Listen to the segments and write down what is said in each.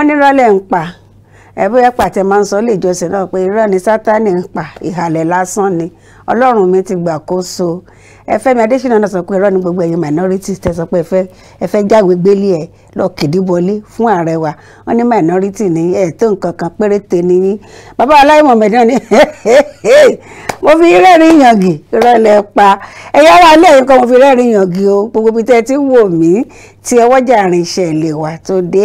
wọ́n ní rọ́lẹ̀ ń pa ẹ̀bí ẹ̀pà tẹ̀ máa ń sọ ilé ìjọsìn náà pé irọ́ ni sátánì ń pa ìhàlẹ̀ lásán ni ọlọ́run mi ti gbàkóso ẹfẹ́mi adésínà náà sọ pé irọ́ ní gbogbo ẹ̀yin minorities tẹ sọ pé ẹfẹ́ ẹfẹ́ jáwé gbélé ẹ̀ lọ kìdíbọlé fún ààrẹ wa wọ́n ní minority ní ẹ̀ tó nǹkan kan péréte nìyí bàbá aláì mohammed náà ní mo fi rẹ́rìn yàngì rẹ́lẹ̀ pa ẹ̀yà wa ilé ẹ̀yìn kan mo fi rẹ́rìn yàngì o gbogbo ibi tẹ́ ti wò mí tí ọwọ́ jàrin ìṣẹ̀lẹ̀ wa tó dé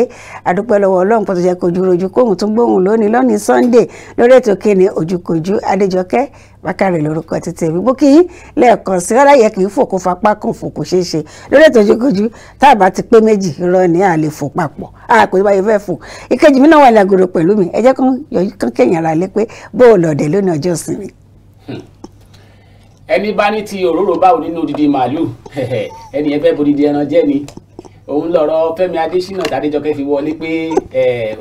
àdúpẹ́ lọ́wọ́ ọlọ́run pọ̀tọ́jà kojú rojú kóhùn tún gbóhùn lónìí lónìí sunday lórí ètò kéne ojúkojú adéjọkẹ́ Bákàrè lórúkọ títí èmi bó kí yín lẹ́ẹ̀kan sí ọláyẹ kì í fòkó fapá kan fòkó ṣeé lórí ètò ojúkojú tá a bá ti pé méjì irọ́ ni à lè fò papọ̀ a kò yẹ fẹ́ fò ìkejì mi náà wà lágoro pẹ̀lú mi ẹ jẹ́ kán yọjú kán kéèyàn ra lé pé bó o lọ̀dẹ̀ lónìí ọjọ́ ìsinmi. Hmm. ẹni bá ní ti òróró báwo nínú odidi màálù ẹni ẹ fẹ́ bodidi ẹran jẹ́ ni òun lọ̀rọ̀ Fẹ́mi Adésínà Adéjọkẹ́ fi wọlé pé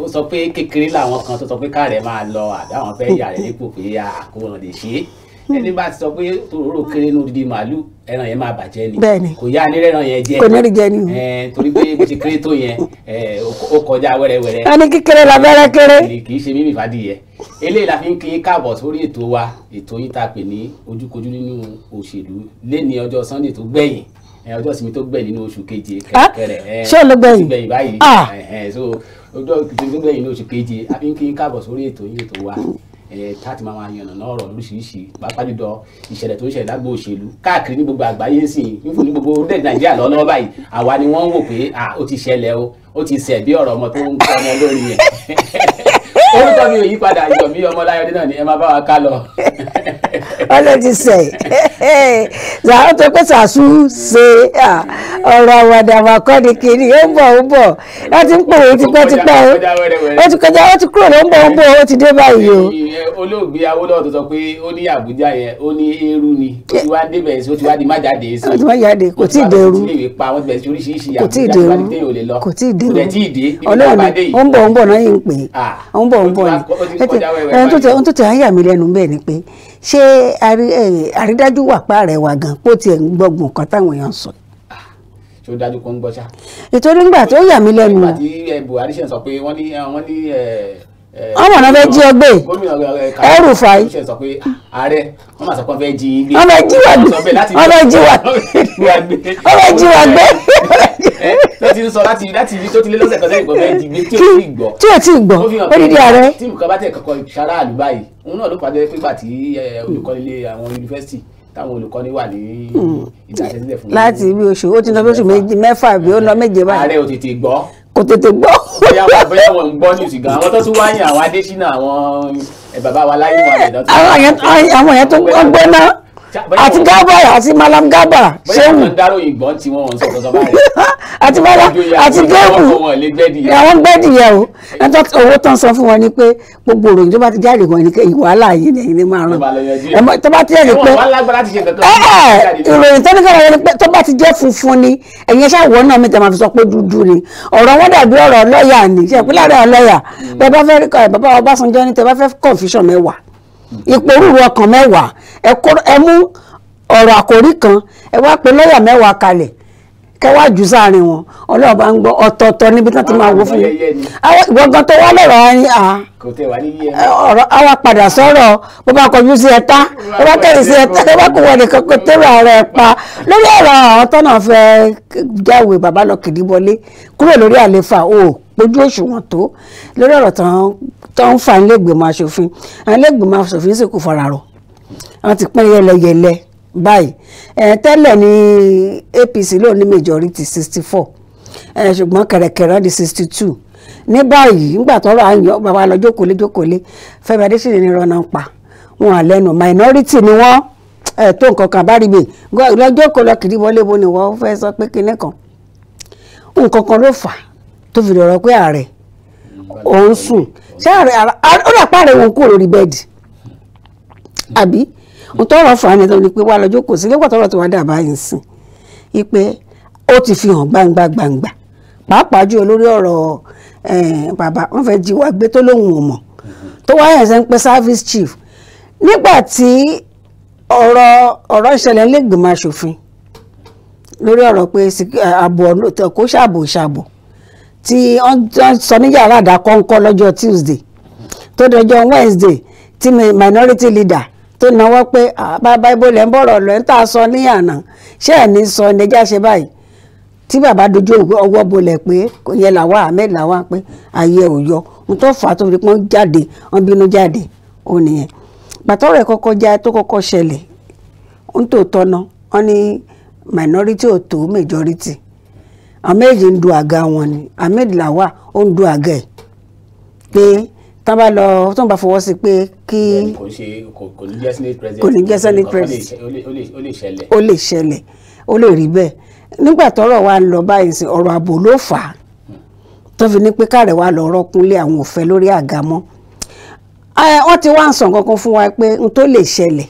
ó sọ pé kékeré làwọn kan tó sọ pé káàrẹ̀ máa lọ àdáwọn fẹ́ yà rẹ̀ nípò pé àkóhùn lè ṣe é hmm. ẹni bá ti sọ pé òróró kéré ní odidi màálù ẹran yẹn máa bàjẹ́ ni kò yá ní rẹran yẹn jẹ kò ní rí jẹ ni torí pé bó ti kéré tó yẹn ó kọjá wẹ́rẹ́wẹ́rẹ́ ẹni kékeré la bẹ́rẹ́ kéré kì í ṣe mímì fàdìyẹ eléyìí la fi ń kín káàbọ̀ sórí ètò wa ètò yìí ta pè ní ojúkojú nínú òṣèlú léni ọjọ́ Sunday tó gbẹ̀yìn ọjọ́ ìsinmi tó gbẹ̀ nínú oṣù keje ah, kẹrẹ ṣé ló gbẹ̀yìn báyìí ah! so ọjọ́ ìsinmi tó gbẹ̀ nínú oṣù keje abínkì ń káàbọ̀ sórí ètò yìí ètò wa táti máa ma yànnà náà ọ̀rọ̀ lóríṣiríṣi pàápàá jùlọ ìṣẹ̀lẹ̀ tó ń ṣẹlẹ̀ lágbo òṣèlú káàkiri ní gbogbo àgbáyé ń ń fún ní gbogbo orílẹ̀ nàìjíríà lọ́wọ́ báyìí àwa ni wọ́n ń wò pé ó ti ṣẹlẹ̀ o ó ti ṣẹ̀ bí ọ̀rọ̀ ọmọ tó ń kọ́ ọmọ lórí yẹn orúkọ mi ò yí padà yọ̀ mí ọmọ náà ni ẹ má bá wa ká lọ. what did you say? ọ pé sàṣù ṣe ọrọ àwàdà kiri ó ń ó ń láti ń pè é ó ti kọjá ó ti kúrò ló ń ó ń ó ti dé báyìí o. olóògbé Awólọ́wọ̀ tó sọ pé ó ní Àbújá ti wá débẹ̀ sí ó ti wá di sí. kò tí ì dẹrú kò tí ì dẹrú kò tí ì dẹrú ó ń ó ń náà yìí ń pè é ó ń ṣé àrídájú wà páàrẹ̀ wà gan kó tiẹ̀ ń gbọ́gbọ̀n kan táwọn èèyàn sọ. ṣé ó dájú kó ń gbọ́ ṣá. ìtorí ńgbà tó yà mí lẹ́nu. ìgbà tí Buhari ṣe sọ pé wọ́n ní wọ́n ní ọmọ náà fẹ́ jí ọ gbé ẹrù fàáyì wọ́n fẹ́ jí wa gbé wọ́n fẹ́ jí wa gbé tó ti ń sọ láti láti ibi tó ti lé lọ́sẹ̀ kan sẹ́yìn gbọ́dọ̀ ẹ̀jì mi tí ò tí ì gbọ́. tí ò tí ì gbọ́ ó dídí ààrẹ. tí nǹkan bá tẹ̀ kọ́kọ́ ìṣara àlùbáyé òun náà ló pàdé pípa tí olùkọ́ni ilé àwọn yunifásitì táwọn olùkọ́ni wà ní hmm. ìdásílẹ̀ fún mi. láti ibi oṣù ó ti lọ bí oṣù mẹ́fà bí ó lọ méje báyìí. kò tètè gbọ́. bóyá wọn bóyá wọn gbọ́ ní àti gábà àti malam gábà ṣéwù àti malam àti géèmù àwọn gbẹ́dì yẹ o ẹjọ́ owó tán san fún wọn ni pé gbogbo òròyìn tó bá ti jáde wọn ni pé wàhálà yìí ni èyí ni máa ràn tó bá ti yẹ ni pé ìròyìn tó ní kọ́ wọn ni pé tó bá ti jẹ́ funfun ni ẹ̀yin ẹ̀ṣẹ́ àwọn náà mi tẹ̀ máa fi sọ pé dúdú ni ọ̀rọ̀ wọn dàbí ọ̀rọ̀ lọ́ọ̀yà ni ṣe ìpínlẹ̀ ọ̀rọ̀ lọ́ọ̀yà hmm. bàbá fẹ́ Ọbásanjọ́ ní tẹ bá fẹ́ confusion mẹ́wàá ìporúru ọkàn mẹ́wàá ẹ mú ọ̀rọ̀ àkórí kan ẹ wá pe lọ́ọ̀yà mẹ́wàá kalẹ̀ kẹwàá jù sáàrin wọn ọlọ́run bá ń gbọ́ ọ̀tọ̀ọ̀tọ̀ níbi tán ti máa wo fún yín gbọ̀ngàn tó wá lọ́rọ̀ ayín à ọ̀rọ̀ àwa padà sọ̀rọ̀ bó bá kọjú sí ẹ̀ta bó bá kẹ́yìn sí ẹ̀ta bó bá kó wọlé kankan tẹ́lẹ̀ ara ẹ̀ pa lórí ọ̀rọ̀ àwọn tọ́nà fẹ́ jáwèé bàbá kìdí wọlé kúrò lórí àlefa o pójú òṣùwọ̀n tó lórí ọ̀rọ̀ tán tó ń fà nílé ìgbìmọ̀ asòfin nílé ìgbìmọ̀ asòfin sì kò fara rọ wọn ti pín yẹlẹyẹlẹ báyìí tẹ́lẹ̀ ní APC ló ní majority sixty four ṣùgbọ́n kẹ̀rẹ̀kẹ̀rẹ̀ di sixty two ní báyìí nígbà tọrọ àyàn bàbá lọ jókòólé jókòólé Fẹ́mi Adésínà ní rọnà pa wọn à lẹ́nu minority ni wọ́n tó nǹkan kan bá rí mi lọ́jọ́ kó lọ kiri wọlé bo ni wọ́n fẹ́ sọ pé kinní kan nǹkan kan ló fà tó fi dọ̀rọ̀ pé ààrẹ òun sùn ṣé àrẹ ó rà pàrẹ wọn kúrò lórí bẹ́ẹ̀dì àbí ohun tọrọ fún àná tó ní pé wà lọ́jọ́ kò sí lẹ́gbọ̀n tọrọ tó wá dà báyìí ń sìn í pé ó ti fi hàn gbangba gbangba pàápàá jù olórí ọ̀rọ̀ bàbá wọn fẹ́ jí wá gbé tó lóhùn ò tó wáyà ẹ̀sẹ̀ ń pẹ́ service chief nígbà tí ọ̀rọ̀ ọ̀rọ̀ ìṣẹ̀lẹ̀ ń lè gbìmọ̀ aṣòfin lórí ọ̀rọ̀ pé ààbò kò ṣàbò ṣàbò tí wọ́n sọ ní yàrá lọ́jọ́ Tuesday tó dọjọ́ Wednesday tí minority leader tó náwó pé bàbá ibo ń bọ̀rọ̀ ń tà sọ ní àná ṣé ẹ̀ ní sọ ní ṣe báyìí tí bàbá dojú ọwọ́ bolẹ̀ pé yẹn làwọn ahmed làwọn pé ayé ò yọ tó fà á tó fi pọ́n jáde wọ́n ahmed ń du àga wọn ni ahmed lawal ó ń du àga ẹ̀ pé tán bá lọ tán bá fọwọ́ sí pé kí kò ní jẹ́ senate president ó lè ṣẹlẹ̀ ó lè rí bẹ́ẹ̀ nígbà tọ́rọ̀ wa lọ báyìí sí ọ̀rọ̀ ààbò ló fà á tó fi ní pé káàrẹ̀ wa lọ́ọ́ rọ́kúnlé àwọn òfẹ́ lórí àga mọ́ wọ́n ti wá ń sọ nǹkan kan fún wa pé n tó lè ṣẹlẹ̀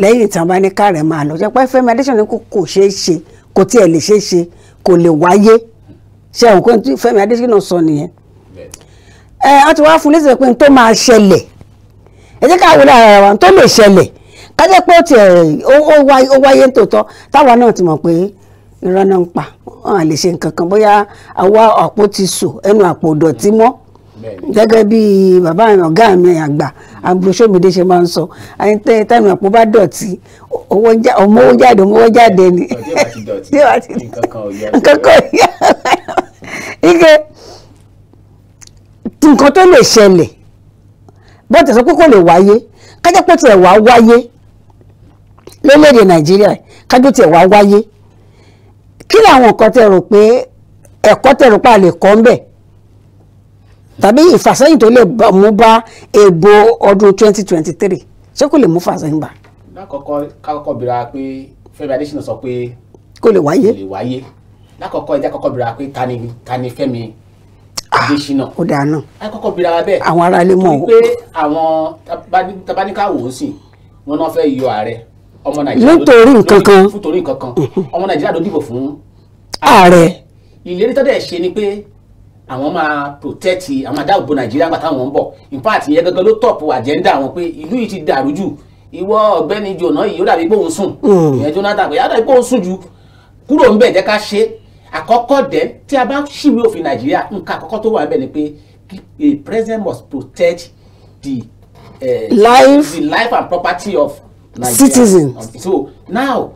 lẹ́yìn tí wọ́n bá ní káàrẹ̀ máa lọ jẹ́ pé fẹ́mi adéṣọ́ni kò ṣeé ṣe kò tiẹ̀ lè ṣeé ṣe kò lè wáyé ṣe òkú kan tí Fẹ́mi Adésínà sọ nìyẹn ẹ wọn ti wá fún lẹsẹ pé n tó máa ṣẹlẹ̀ ẹ jẹ́ ká wọlé ara wa n tó wáyé táwa náà ti pé ń pa wọn à lè ṣe nǹkan kan ẹnu àpò dọ̀tí gẹ́gẹ́ bí bàbá ọ̀gá mi àgbà Aburosomide ṣe máa ń sọ àyíntẹ́ táwọn àpò bá dọ̀tí ọmọ owó jáde ọmọ owó jáde ni nǹkan kan ò yá ike nǹkan tó lè ṣẹlẹ̀ bó ti sọ pé kò lè wáyé kájọ́ pé tiẹ̀ wá wáyé lórílẹ̀‐èdè Nàìjíríà kájọ́ tiẹ̀ wá wáyé kí làwọn nǹkan tẹ̀ rò pé ẹ̀kọ́ tẹ̀ rò pé a lè kọ́ ń bẹ̀ tàbí ìfàsẹ́yìn tó lè mú bá èbò ọdún 2023 ṣé kò lè mú fàsẹ́yìn bá. lákọ̀ọ́kọ́ kákọ́kọ́ bira pé Fẹ́mi Adésínà sọ pé kò lè wáyé kò lè wáyé lákọ̀ọ́kọ́ ẹ̀jẹ̀ kọ́kọ́ bira pé ta ni ta ni Fẹ́mi ah, Adésínà ó dáa náà lákọ̀ọ́kọ́ bira wa bẹ́ẹ̀ àwọn ará ilé mọ̀ o pé àwọn tabaníkà wò ó sìn wọn náà fẹ́ yọ ààrẹ ọmọ Nàìjíríà nítorí nǹkan kan ọmọ Nàìjíríà ló dìbò fún ààrẹ ìlérí tọ́dẹ̀ àwọn máa protect àwọn adá nàìjíríà gbà táwọn ń bọ̀ in fact ìyẹn gangan ló tọ̀pù agenda àwọn pé ìlú yìí ti dàrú jù ìwọ ọ̀gbẹ́ni jòná yìí ó dàbí pé òun sùn hmm. ìyẹn jonathan pé ó pé òun sùn jù kúrò ń bẹ̀ jẹ́ ká ṣe àkọ́kọ́ dẹ̀ tí a bá ṣìwé òfin nàìjíríà nǹkan àkọ́kọ́ tó wà ń bẹ̀ ni pé a president must protect the, uh, life. the life and property of Nigeria um, so now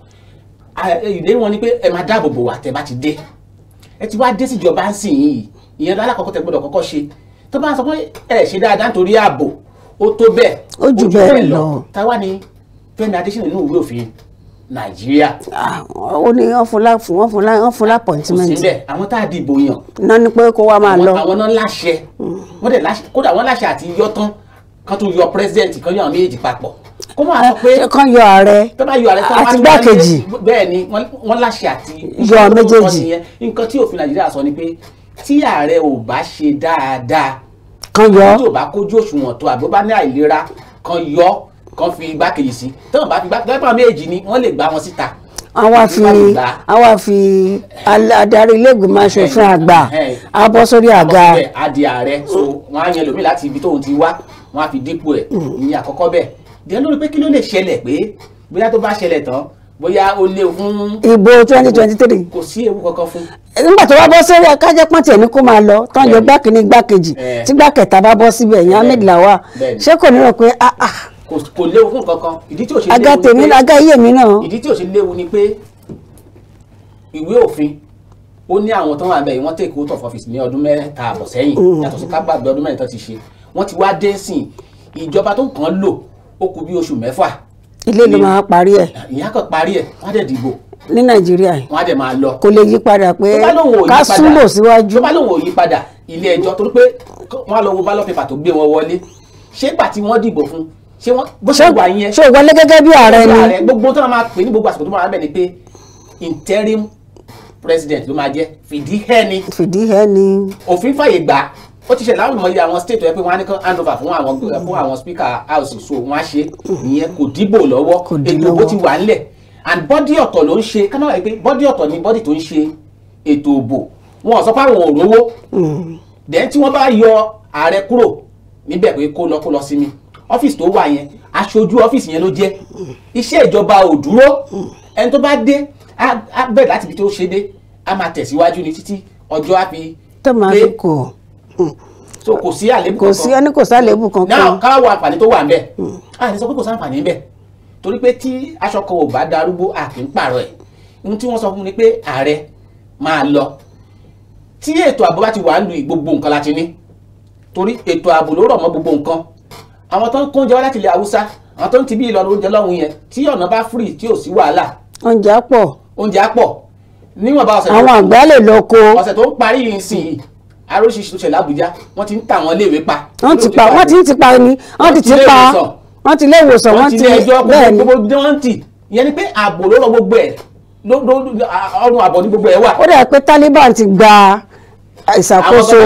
ìlérí wọn ni pé ẹ máa dáàbò bò wá tẹ bá ti dé ẹ ti wá dé síjọba ń sìn yìí ìyẹn lọ alákọ̀ọ́kọ́ tẹ gbọ́dọ̀ kọ́kọ́ ṣe tó bá sọ pé ẹ ṣe dáadáa nítorí ààbò ó tó bẹ́ẹ̀ ó jù bẹ́ẹ̀ lọ táwa ni Fẹ́mi Adésínà nínú ìwé òfin Nàìjíríà. ó ní wọ́n fún la fún wọ́n fún la wọ́n fún la appointment. kò sí bẹ́ẹ̀ àwọn tá a dìbò yàn. náà ni pé kó wá máa lọ. àwọn náà láṣẹ wọ́n dẹ̀ láṣẹ kódà wọ́n láṣẹ àti yọ tán kan tún yọ president kan yọ àwọn méjèèjì papọ̀ kó máa sọ pé kan yọ ààrẹ àti gbákejì bẹ́ẹ̀ ni wọ́n láṣẹ àti yọ méjèèjì nǹkan tí òfin Nàìjíríà sọ ni pé tí ààrẹ ò bá ṣe dáadáa kan yọ tó bá kójú òṣùwọ̀n tó àbí ó bá ní àìlera kan yọ kan fi igbákejì sí tó bá fi igbákejì méjì ni wọ́n lè gbá wọn síta àwa fi àwa fi adarí iléègbìmọ̀ aṣòfin àgbà á bọ́ sórí àga. adi ààrẹ so wọn á yan lómi láti ibi tóun ti wá wọn á fi dípò ẹ mm. ìyẹn àkọ́kọ́ bẹ́ẹ̀ díẹ̀ lórí pé kí ló lè ṣẹlẹ̀ pé bóyá tó bá ṣẹlẹ̀ tán bóyá o lé fún. ìbò twenty twenty three. kò sí ewu kankan fún. nígbà tó bá bọ́ sí kájẹ́ pọ́n tiẹ̀ ní kó máa lọ tán jọ gbá kínní gbá kejì tí gbá kẹta bá bọ́ síbẹ̀ yẹn Ahmed Lawa ṣé kò ní rò pé ah ah. kò léwu fún kankan ìdí tí ò ṣe léwu ni pé aga tèmi aga iye mi náà. ìdí tí ò ṣe léwu ni pé ìwé òfin ó ní àwọn tó wà bẹ́ẹ̀ wọ́n take out of office ní ọdún mẹ́ta àbọ̀ sẹ́yìn mm. yàtọ̀ sí kágbàgbé ọdún mẹ́rin tó ti ṣe wọ́n ti wá dé sìn ìjọba tó kàn lò ó kù bí oṣù mẹ́fà ilé ló máa parí ẹ̀. ìyá kan parí ẹ̀ wọ́n á dẹ̀ dìbò ní nàìjíríà yìí wọ́n á dẹ̀ máa lọ. kò lè yí padà pé ká súnlò síwájú. tó bá lóun ò yí padà ilé ẹjọ́ torí pé wọ́n á lọ wo ballot paper tó gbé wọn wọlé ṣé ìgbà tí wọ́n dìbò fún ṣé wọ́n bó ṣe wà yẹn. ṣé ìwọlé gẹ́gẹ́ bí ààrẹ ni. gbogbo tó máa pè ní gbogbo àsìkò tó máa bẹ̀ ni pé interim president ló máa jẹ́ fìdí hẹ́ni. fìdí hẹ́ni. òfin fàyè gbà ó ti ṣe láwọn ìmọ̀ iye àwọn state ẹ pé wọ́n á ní kán hand over fún àwọn eh, fún àwọn speaker house so wọ́n á ṣe ìyẹn kò dìbò lọ́wọ́ ètò òbó ti wà ńlẹ̀ and bọ́dí ọ̀tọ̀ ló ń ṣe kánáà wáyé pé bọ́dí ọ̀tọ̀ ni bọ́dí tó ń ṣe ètò òbò wọn ò sọ pé àwọn ò rówó hmm. then tí wọ́n bá yọ ààrẹ kúrò níbẹ̀ pé kó lọ kó lọ sí mi ọ́fíìsì tó wà yẹn aṣojú ọ́fíìsì yẹn ló jẹ́ iṣẹ́ ìjọba ò dúró ẹni tó bá dé á bẹ̀rẹ̀ láti ibi tó ṣe dé á máa tẹ̀síwájú ní títí ọjọ́ á fi pé so kò sí àlébù kankan kò sí ẹni kò sí àlébù kankan náà káwọ àǹfààní tó wà ń bẹ à ní sọ pé kò sí àǹfààní ń bẹ torí pé tí aṣọ kan ò bá darúgbó a kì í pààrọ̀ ẹ̀ ohun tí wọ́n sọ fún mi ni pé ààrẹ máa lọ tí ètò ààbò bá ti wà ń lu gbogbo nǹkan láti ní torí ètò ààbò ló rọ̀ mọ́ gbogbo nǹkan àwọn tó ń kó oúnjẹ wá láti ilẹ̀ haúsá àwọn tó ń ti bí Ìlọrin oúnjẹ lọ́hùn yẹn tí ọ̀nà bá fìrì tí ò sí wàhálà. oúnjẹ á pọ̀. oúnjẹ á pọ̀ níwọ̀nba ọ̀sẹ̀ tó ń parí yìí yìí aróṣiṣi tó ṣẹlẹ̀ Àbújá wọ́n ti ń ta àwọn iléèwé pa. wọ́n ti pa wọ́n ti ń ti pa ni wọ́n ti ti pa wọ́n ti ilé ìwòsàn wọ́n ti bẹ́ẹ̀ ni. wọ́n ti ìyẹn ni pé ààbò ló rọ gbogbo ẹ̀ ọrùn àbọ̀ ní gbogbo ẹ̀ wà. ó dà pé Taliban ti gba ìṣàkóso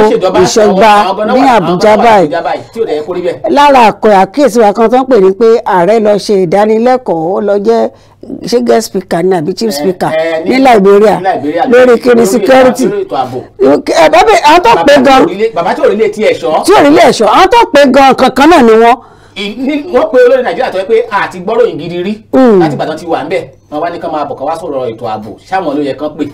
ìṣẹ̀gbà ní Àbújá báyìí lára àkọ́ àkíyèsí wa kan tó ń pè ní pé ààrẹ lọ ṣe ìdánilẹ́kọ̀ọ́ lọ jẹ́ ṣé guest speaker ni àbí chief eh, speaker eh, ní Liberia lórí kíni security ẹbí eh, àwọn tó pé gan bàbá tí òrìlé ti ẹ̀ṣọ́ tí òrìlé ẹ̀ṣọ́ àwọn tó pé gan kankan náà ni wọ́n. wọ́n pe olórí Nàìjíríà tó yẹ pé àti gbọ́ròyìn gidi rí hmm. láti Ìbàdàn ti wà ń bẹ̀ wọn wá ní kán máa bọ̀ kán wá sọ̀rọ̀ ètò ààbò sáwọn ló yẹ kán pè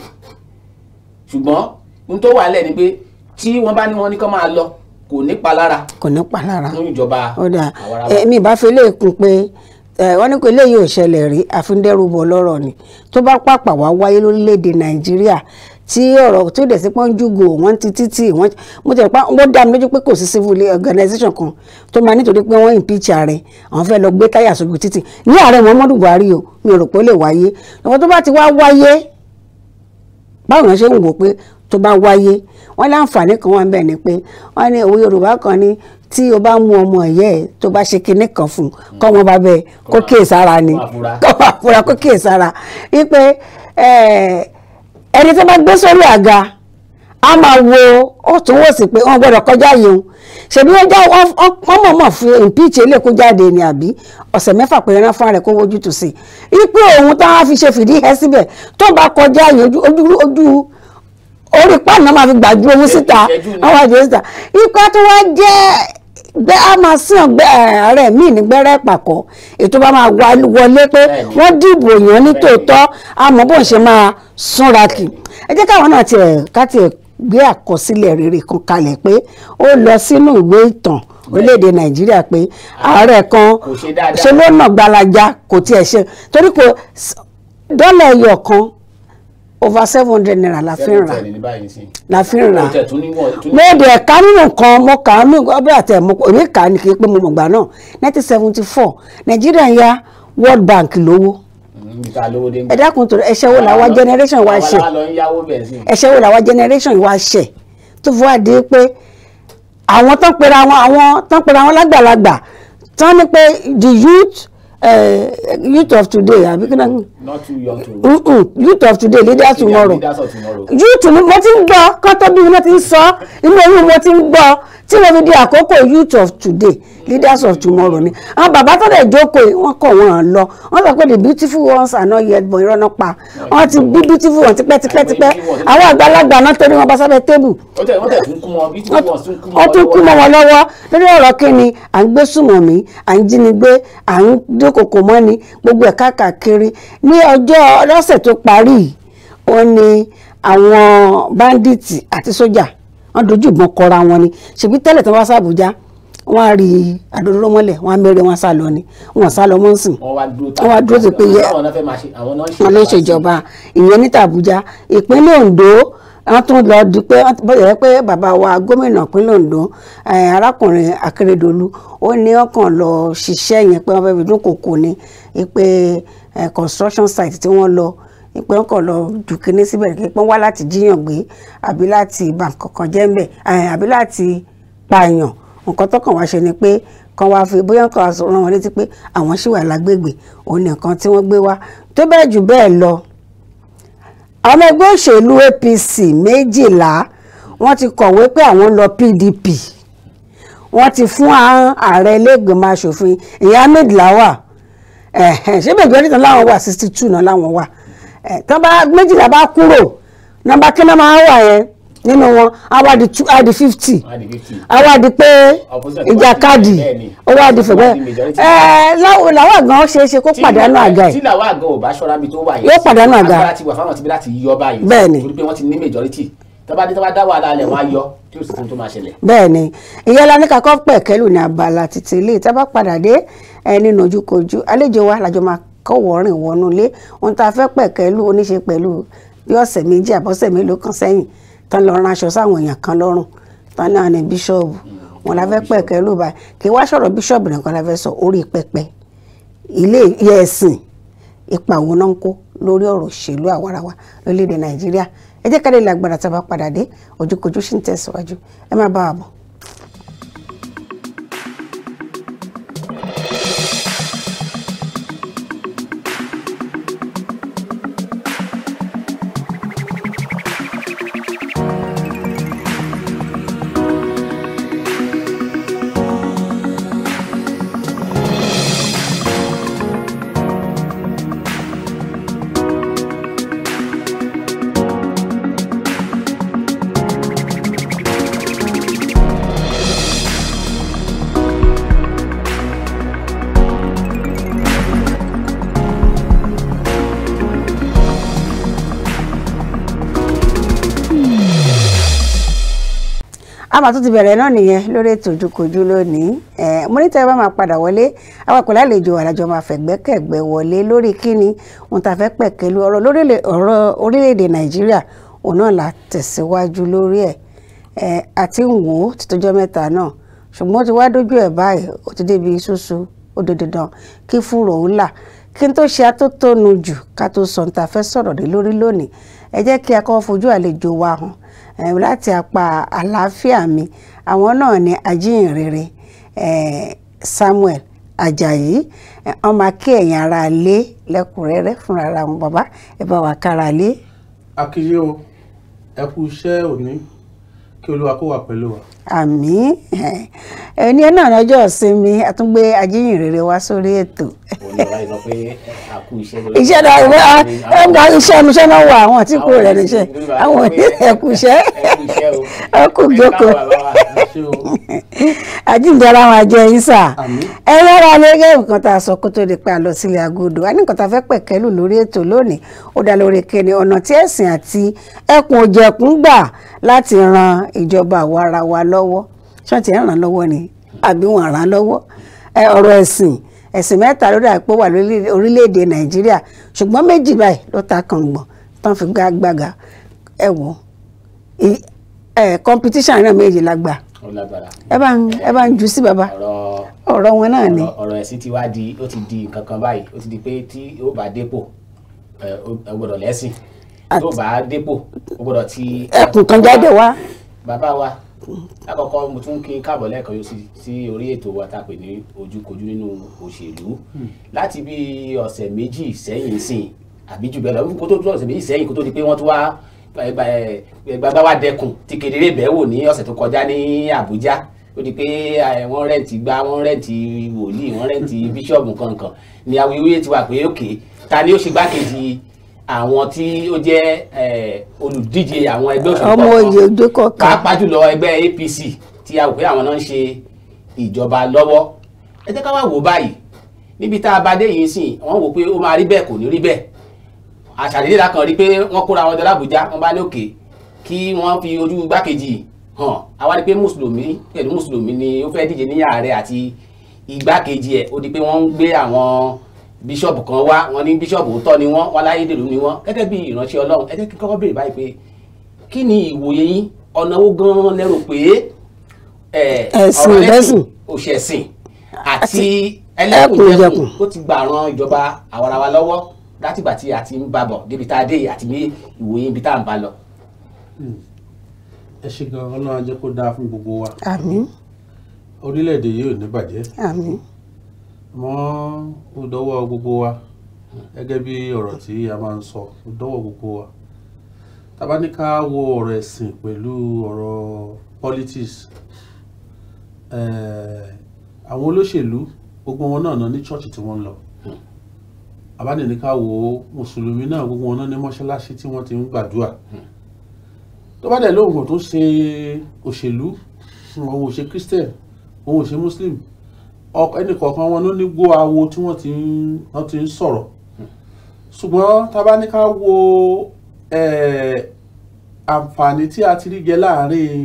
ṣùgbọ́n n tó wà lẹ̀ ni pé tí wọ́n bá ní wọ́n ní kó máa lọ kò ní palára. kò ní palára fún ìjọba àwarawa. èmi ìbá fi lè kún pé wọ́n ní pé eléyìí ò ṣẹlẹ̀ rí àfindẹ́rùbọ̀ lọ́rọ̀ ni tó bá pàpà wá wáyé lórílẹ̀‐èdè nàìjíríà tí ọ̀rọ̀ tó dẹ̀ sí pọ́n júgò wọ́n ti títì wọ́n mo tẹ̀ pa wọ́n dá mi lójú pé kò sí civil organization kan tó máa nítorí pé wọ́n impeach ààrẹ àwọn fẹ́ lọ gbé táyà sójú títì ní ààrẹ Muhammadu Buhari o mi ò rò pé ó lè wáyé lọ́wọ́ tó bá ti wá wáyé báwọn ṣe ń wò pé tó bá wáyé wọ́n láǹfààní kan wọ́n ń bẹ̀ ni pé wọ́n ní òwe Yorùbá kan ní tí o bá mú ọmọ ẹ̀yẹ́ ẹ̀ tó bá ṣe kinní kan fún un kọ́ wọn bá bẹ kó kíyèsára ni kọ́ wọn àfúrà kó kíyèsára wípé ẹni tó bá gbé sórí àga a máa wo ọ̀tún wò sí pé wọ́n gbọ́dọ̀ kọjá yìí o ṣèbí wọ́n mọ̀ọ́mọ̀ fún impeach eléko jáde ni àbí ọ̀sẹ̀ mẹ́fà péré rán fún ààrẹ kó wójú sí i pé òun táwọn fi ṣe fìdí hẹ́ síbẹ̀ tó bá kọjá yìí ojú orí pàànà máa fi gbàjú ohun síta àwọn àjò síta ipa tó wá jẹ́ gbẹ a máa sàn gbẹ ààrẹ míì ní gbẹrẹ pàkọ ètò bá máa wọlé pé wọ́n dìbò yàn ní tòótọ́ àmọ́ bó ń ṣe máa súnra kì ẹ jẹ́ káwọn náà tiẹ̀ ká tiẹ̀ gbé àkọsílẹ̀ rere kan kalẹ̀ pé ó lọ sínú ìwé ìtàn orílẹ̀-èdè nàìjíríà pé ah, ààrẹ kan ṣe ló nà gbalaja kò tiẹ̀ ṣe torí kò dọ́là ẹyọ kan over seven hundred naira la fi ń rà la fi ń rà mo dẹ̀ ká nínú kan mo kà á mi ọbẹ̀ àtẹ̀ mo èmi kà á ní kí n pé mo mọ̀ gbà náà nineteen seventy four nàìjíríà ń ya world bank lówó mm, ẹ dákun tó ẹ̀ṣẹ̀ wo làwa generation wa ṣe ẹ̀ṣẹ̀ wo làwa generation wa ṣe tó fún wa di pé àwọn tán pera wọn àwọn tán pera wọn lágbàlagbà tán ní pé the youth uh, youth of today àbí kí not too young to. Mm -mm. youth of today leaders tomorrow. leaders tomorrow. youth ni mo ti ń gbọ́ kọ́tọ́ bí mo ti ń sọ mo ti ń tí wọ́n fi di àkókò youth of today leaders of tomorrow ni àwọn bàbá tó dẹ̀ jókòó wọ́n kọ̀ wọ́n lọ wọ́n sọ pé the beautiful ones are not yet born irọ́ náà pa wọ́n ti bí beautiful ones tipẹ́tipẹ́tipẹ́ àwọn àgbàlagbà náà torí wọn bá sábẹ́ tébù. ó tún kú mọ́ wọn lọ́wọ́ lórí ọ̀rọ̀ kíni à ń gbé sùmọ̀mí à ń jínigbé à ń dúnkòkò mọ́ni gbogbo ẹ̀ káàkiri ní ọjọ́ lọ́sẹ̀ tó parí wọ́n ní àwọn báńdíìtì àti sójà wọ́n dojú ìbọn kọra wọn ni ṣèbí tẹ́lẹ̀ tí wọ́n wá sábùjá wọ́n á rí àdòdó mọ́lẹ̀ wọ́n á mẹ́rẹ̀ wọ́n sá lọ ni wọ́n sá lọ mọ́sìn wọ́n wá dúró ti pé wọ́n ló ń ṣèjọba ìyẹn ní tàbújá ìpínlẹ̀ Ondo wọ́n tún lọ di pé bọ́jọ̀rẹ́ pé bàbá wa gómìnà ìpínlẹ̀ Ondo arákùnrin Akérédolú ó ní ọkàn lọ ṣiṣẹ́ yẹn pé wọ́n fẹ́ fi dúnkòkò ni pé construction site tí wọ́n lọ ìpè ọkọ̀ lọ jù kínní síbẹ̀ kí pọ́n wá láti jíyàn gbé àbí láti bà kankan jẹ́ ńbẹ̀ eh, àbí láti pààyàn nǹkan tọkàn wá ṣe ni pé kan wá fi bóyá nǹkan rán wọn létí pé àwọn ṣì wà lágbègbè òun ni nǹkan tí wọ́n gbé wá tó bẹ́ẹ̀ jù bẹ́ẹ̀ lọ àwọn ẹgbẹ́ òṣèlú APC méjìlá wọ́n ti kọ̀wé pé àwọn lọ PDP wọ́n ti fún ààrẹ iléègbèmọ̀ asòfin ìyá Ahmed Lawal ṣé bẹ̀jọ́ nìkan láwọn wà sixty two náà láwọn wà Eh, tán bá méjìlá bá kúrò nọ́mbà kí náà máa wà yẹn nínú wọn àwa di two àwa fifty àwa di pé ìjàkadì owó àdì fẹ̀gbẹ́ ẹ láwọn àgàn ṣe é ṣe kó pàdánù àga ẹ̀. tí làwọn àgàn ò bá ṣọ́ra mi tó wà yẹn yóò pàdánù àga agbára ti wà fáwọn ti bí láti yọ báyìí bẹ́ẹ̀ ni torí pé wọ́n ti ní majority tọ́ba dé tọ́ba dá wàhálà lẹ̀ wọ́n á yọ tí ó sì tún tó máa ṣẹlẹ̀. bẹ́ẹ̀ ni ìyá ọlá ní kakọ́ pẹ̀kẹ́lù ní abala títí ilé ìtàbá padà dé nínú ojúkojú àlejò wa làjọ máa kọ̀wọ́ rìn wọnú ilé ohun tá a fẹ́ pẹ̀kẹ́lú oníṣe pẹ̀lú bí ọ̀sẹ̀ méjì àbọ̀sẹ̀ mélòó kan sẹ́yìn tán lọ rán aṣọ sáwọn èèyàn kan lọ́rùn tán náà ní bíṣọ́ọ̀bù wọn la fẹ́ pẹ̀kẹ́lú báyìí kí wá sọ̀rọ̀ bíṣọ́ọ̀bù nìkan la fẹ́ sọ orí pẹpẹ ilé ẹ̀sìn ipa òun náà ń kó lórí ọ̀rọ̀ òṣèlú àwarawa lórílẹ̀‐èdè nàìjíríà ẹ jẹ́ ká lè lágbára tá a bá padà dé ojúkojú sì ń tẹ̀síwájú ẹ má bá wa bọ̀. àmà tó ti bẹ̀rẹ̀ náà nìyẹn lórí ètò ojúkojú lónìí mo ní tẹ́lẹ̀ bá máa padà wọlé awakọ̀ lálejò àlàjọ máa fẹ̀gbẹ́kẹ̀gbẹ́ wọlé lórí kíni ohun tá a ọ̀rọ̀ orílẹ̀-èdè nàìjíríà òun náà la tẹ̀síwájú lórí ẹ̀ àti ń wò ó títọ́jọ́ mẹ́ta náà ṣùgbọ́n ó ti wá dójú ẹ̀ báyìí ó ti débi ṣoṣo ó dandan kí fúnrọ̀ ó là kí n tó ṣe atótónu jù ká tó sọ ní ta sọ̀rọ̀ lórí lónìí ẹ jẹ́ kí akọ́ fojú àlejò wa hàn láti apá àlàáfíà mi àwọn náà ni ajíhìnrere eh, Samuel Ajayi wọn máa kí ẹ̀yin ara lé lẹ́kùnrẹ́rẹ́ fúnra ara wọn bàbá ẹ bá wa kára lé. akíyé ẹ kú iṣẹ́ òní kí olúwa kó wà pẹ̀lú wa. àmín ẹni ẹ náà lọ́jọ́ ìsinmi àtúngbé ajíyìn rere wá sórí ètò. iṣẹ́ náà ìwé ẹ̀ka iṣẹ́ ẹnuṣẹ́ náà wà àwọn àti kúrò rẹ̀ níṣẹ́ àwọn ẹ̀kú iṣẹ́ ẹ̀kú ìjókòó àjíǹde ara wọn àjẹ yín sà ẹ lọ́ra lórí nǹkan tá a sọ kó tó di pé lọ sílé agodo a ní nǹkan tá a fẹ́ pẹ̀kẹ́lù lórí ètò lónìí ó dá lórí kéde ọ̀nà tí ẹ̀sìn àti ẹkùn òjẹ̀kùn gbà láti ran ìjọba àwa ara wa lọ́wọ́ ṣé wọ́n ti ràn án lọ́wọ́ ni àbí wọ́n ràn án lọ́wọ́ ọ̀rọ̀ ẹ̀sìn ẹ̀sìn mẹ́ta lórí àpò wà lórílẹ̀‐èdè nàìjíríà ṣùgbọ́n méjì báyìí ló ta kàngbọ̀n tán fi gbàgbàgà ẹ wò ẹ competition náà méjì lágbà ẹ bá ń ẹ bá ń jù sí baba ọ̀rọ̀ wọn náà ni. ọ̀rọ̀ ẹ̀sìn ti wá di ó ti di nǹkan kan báyìí ó ti di pé tí ó bá dépò ẹ gbọ́dọ̀ lẹ́sìn tó bá a dépò o gbọ́dọ̀ ti. ẹkùn kan jáde wá. bàbá wa lákọ̀ọ́kọ́ mo tún kí káàbọ̀ lẹ́ẹ̀kan yóò sí orí ètò wa tá a pè ní ojúkojú nínú òṣèlú hmm. láti bí ọ̀sẹ̀ méjì sẹ́yìn sìn àbí jù bẹ́ẹ̀ lọ kó tó tó ọ̀sẹ̀ méjì sẹ́yìn kó tó di pé wọ́n tún wá gbàgbà wa dẹkùn ti kedere bẹ́ẹ̀ wò ní ọ̀sẹ̀ tó kọjá ní Àbújá ó di pé wọ́n rẹ́ǹtì gbá wọ́n rẹ́ǹtì wòlíì wọ́n rẹ́ǹtì bíṣọ̀bù kankan ni awuyewuye ti wà pé òkè ta ni ó ṣe gbákejì àwọn tí ó jẹ́ olùdíje àwọn ẹgbẹ́ òṣèlú kọ̀ọ̀kan pàápàá jùlọ ẹgbẹ́ APC tí a wò pé àwọn náà ń ṣe ìjọba lọ́wọ́ ẹ jẹ́ ká wá wò báyìí níbi tá a bá dé yìí sìn wọ́n wò pé ó máa rí bẹ́ẹ̀ kò ní rí bẹ́ẹ̀ àṣàdédé la kàn rí pé wọ́n kóra wọn jọ l'Àbújá wọ́n bá ní òkè kí wọ́n fi ojú gbákejì hàn àwa rí pé mùsùlùmí pẹ̀lú mùsùlùmí ni ó fẹ́ díje ní ààrẹ àti igbákejì ẹ̀ ó di pé wọ́n ń gbé àwọn bíṣọ̀bù kan wá wọn ní bíṣọ̀bù tọ́ ni wọ́n wọn láyédèrú ni wọ́n gẹ́gẹ́ bí ìránṣẹ́ ọlọ́run ẹ jẹ́ kí kọ́kọ́ béèrè báyìí pé kí ni ìwòye yín ọ̀nà wo gan-an lérò pé ọ̀rọ̀ ẹ̀sìn òṣèṣìn àti ẹlẹ́kùnjẹkùn tó ti gbà ran ìjọba àwarawa lọ́wọ́ látìgbà tí a ti ń babọ̀ débi tá a dé àti ní ìwòye ibi tá à ń bá lọ. Hmm. ẹ ṣe gan-an ọlọ́run á jẹ́ kó dáa fún gbogbo wa. àmín. orílẹ̀-èdè yìí ò ní bàjẹ́ mọ́ ó dọ́wọ́ gbogbo wa gẹ́gẹ́ bí ọ̀rọ̀ tí a máa ń sọ ó gbogbo wa tàbá wo ọ̀rọ̀ ẹ̀sìn pẹ̀lú ọ̀rọ̀ politics àwọn olóṣèlú gbogbo wọn náà ní church tí wọ́n ń lọ abánìní ká wo mùsùlùmí náà gbogbo wọn náà ní mọ́ṣáláṣí tí wọ́n ti ń gbàdúrà tó bá dẹ̀ lóògùn tó ṣe òṣèlú òun ò ṣe christian òun ò ṣe muslim ẹnì kọ̀ọ̀kan wọn ló ní gbó awo tí wọ́n ti ń sọ̀rọ̀ ṣùgbọ́n tá bá ní ká wo àǹfààní tí a ti rí jẹ láàrin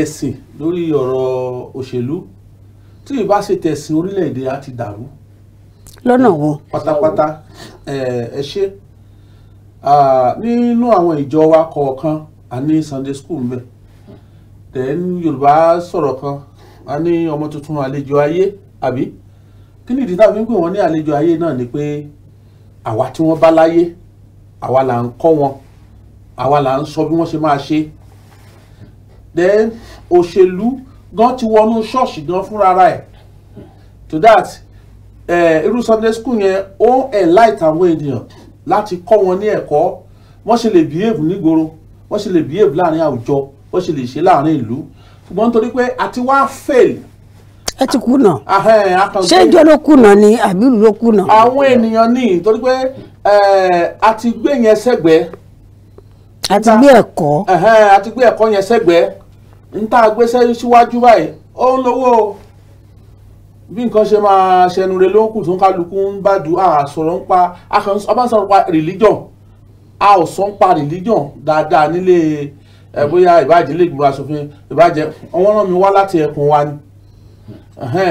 ẹ̀sìn lórí ọ̀rọ̀ òṣèlú tí ìbá ṣe tẹ̀sìn orílẹ̀-èdè á ti dàrú. lọ́nà wo. pátápátá ẹ ṣe nínú àwọn ìjọ wa kọ̀ọ̀kan a ní Sunday school mbẹ then Yorùbá sọ̀rọ̀ kan a ní ọmọ tuntun àlejò ayé àbí kí nìdí tá a fi ń pè wọ́n ní àlejò ayé náà ni pé àwa tí wọ́n bá láyé àwa là ń kọ́ wọn àwa là ń sọ bí wọ́n ṣe máa ṣe then òṣèlú gan ti wọnú ṣọ́ọ̀ṣì gan fúnra ẹ̀ to that irú sunday school yẹn ó enlight àwọn ènìyàn láti kọ́ wọn ní ẹ̀kọ́ wọ́n ṣe lè behave nígboro wọ́n ṣe lè behave láàrin àwùjọ wọ́n ṣe lè ṣe láàrin ìlú ṣùgbọ́n torí pé àti wá fail ẹ ti kùnà ṣé ìjọ ló kùnà ni àbí ìlú ló kùnà. àwọn ènìyàn ní torí pé a ti gbé yẹn sẹ́gbẹ̀ẹ́. a ti gbé ẹ̀kọ́. a ti gbé ẹ̀kọ́ yẹn sẹ́gbẹ̀ẹ́ n tá síwájú bí nǹkan ṣe máa ló ń kù tó ń kálukú ẹ bóyá ilé ìgbìmọ̀ asòfin ìbàjẹ́ wọ́n rán mi wá láti ẹkùn wa ni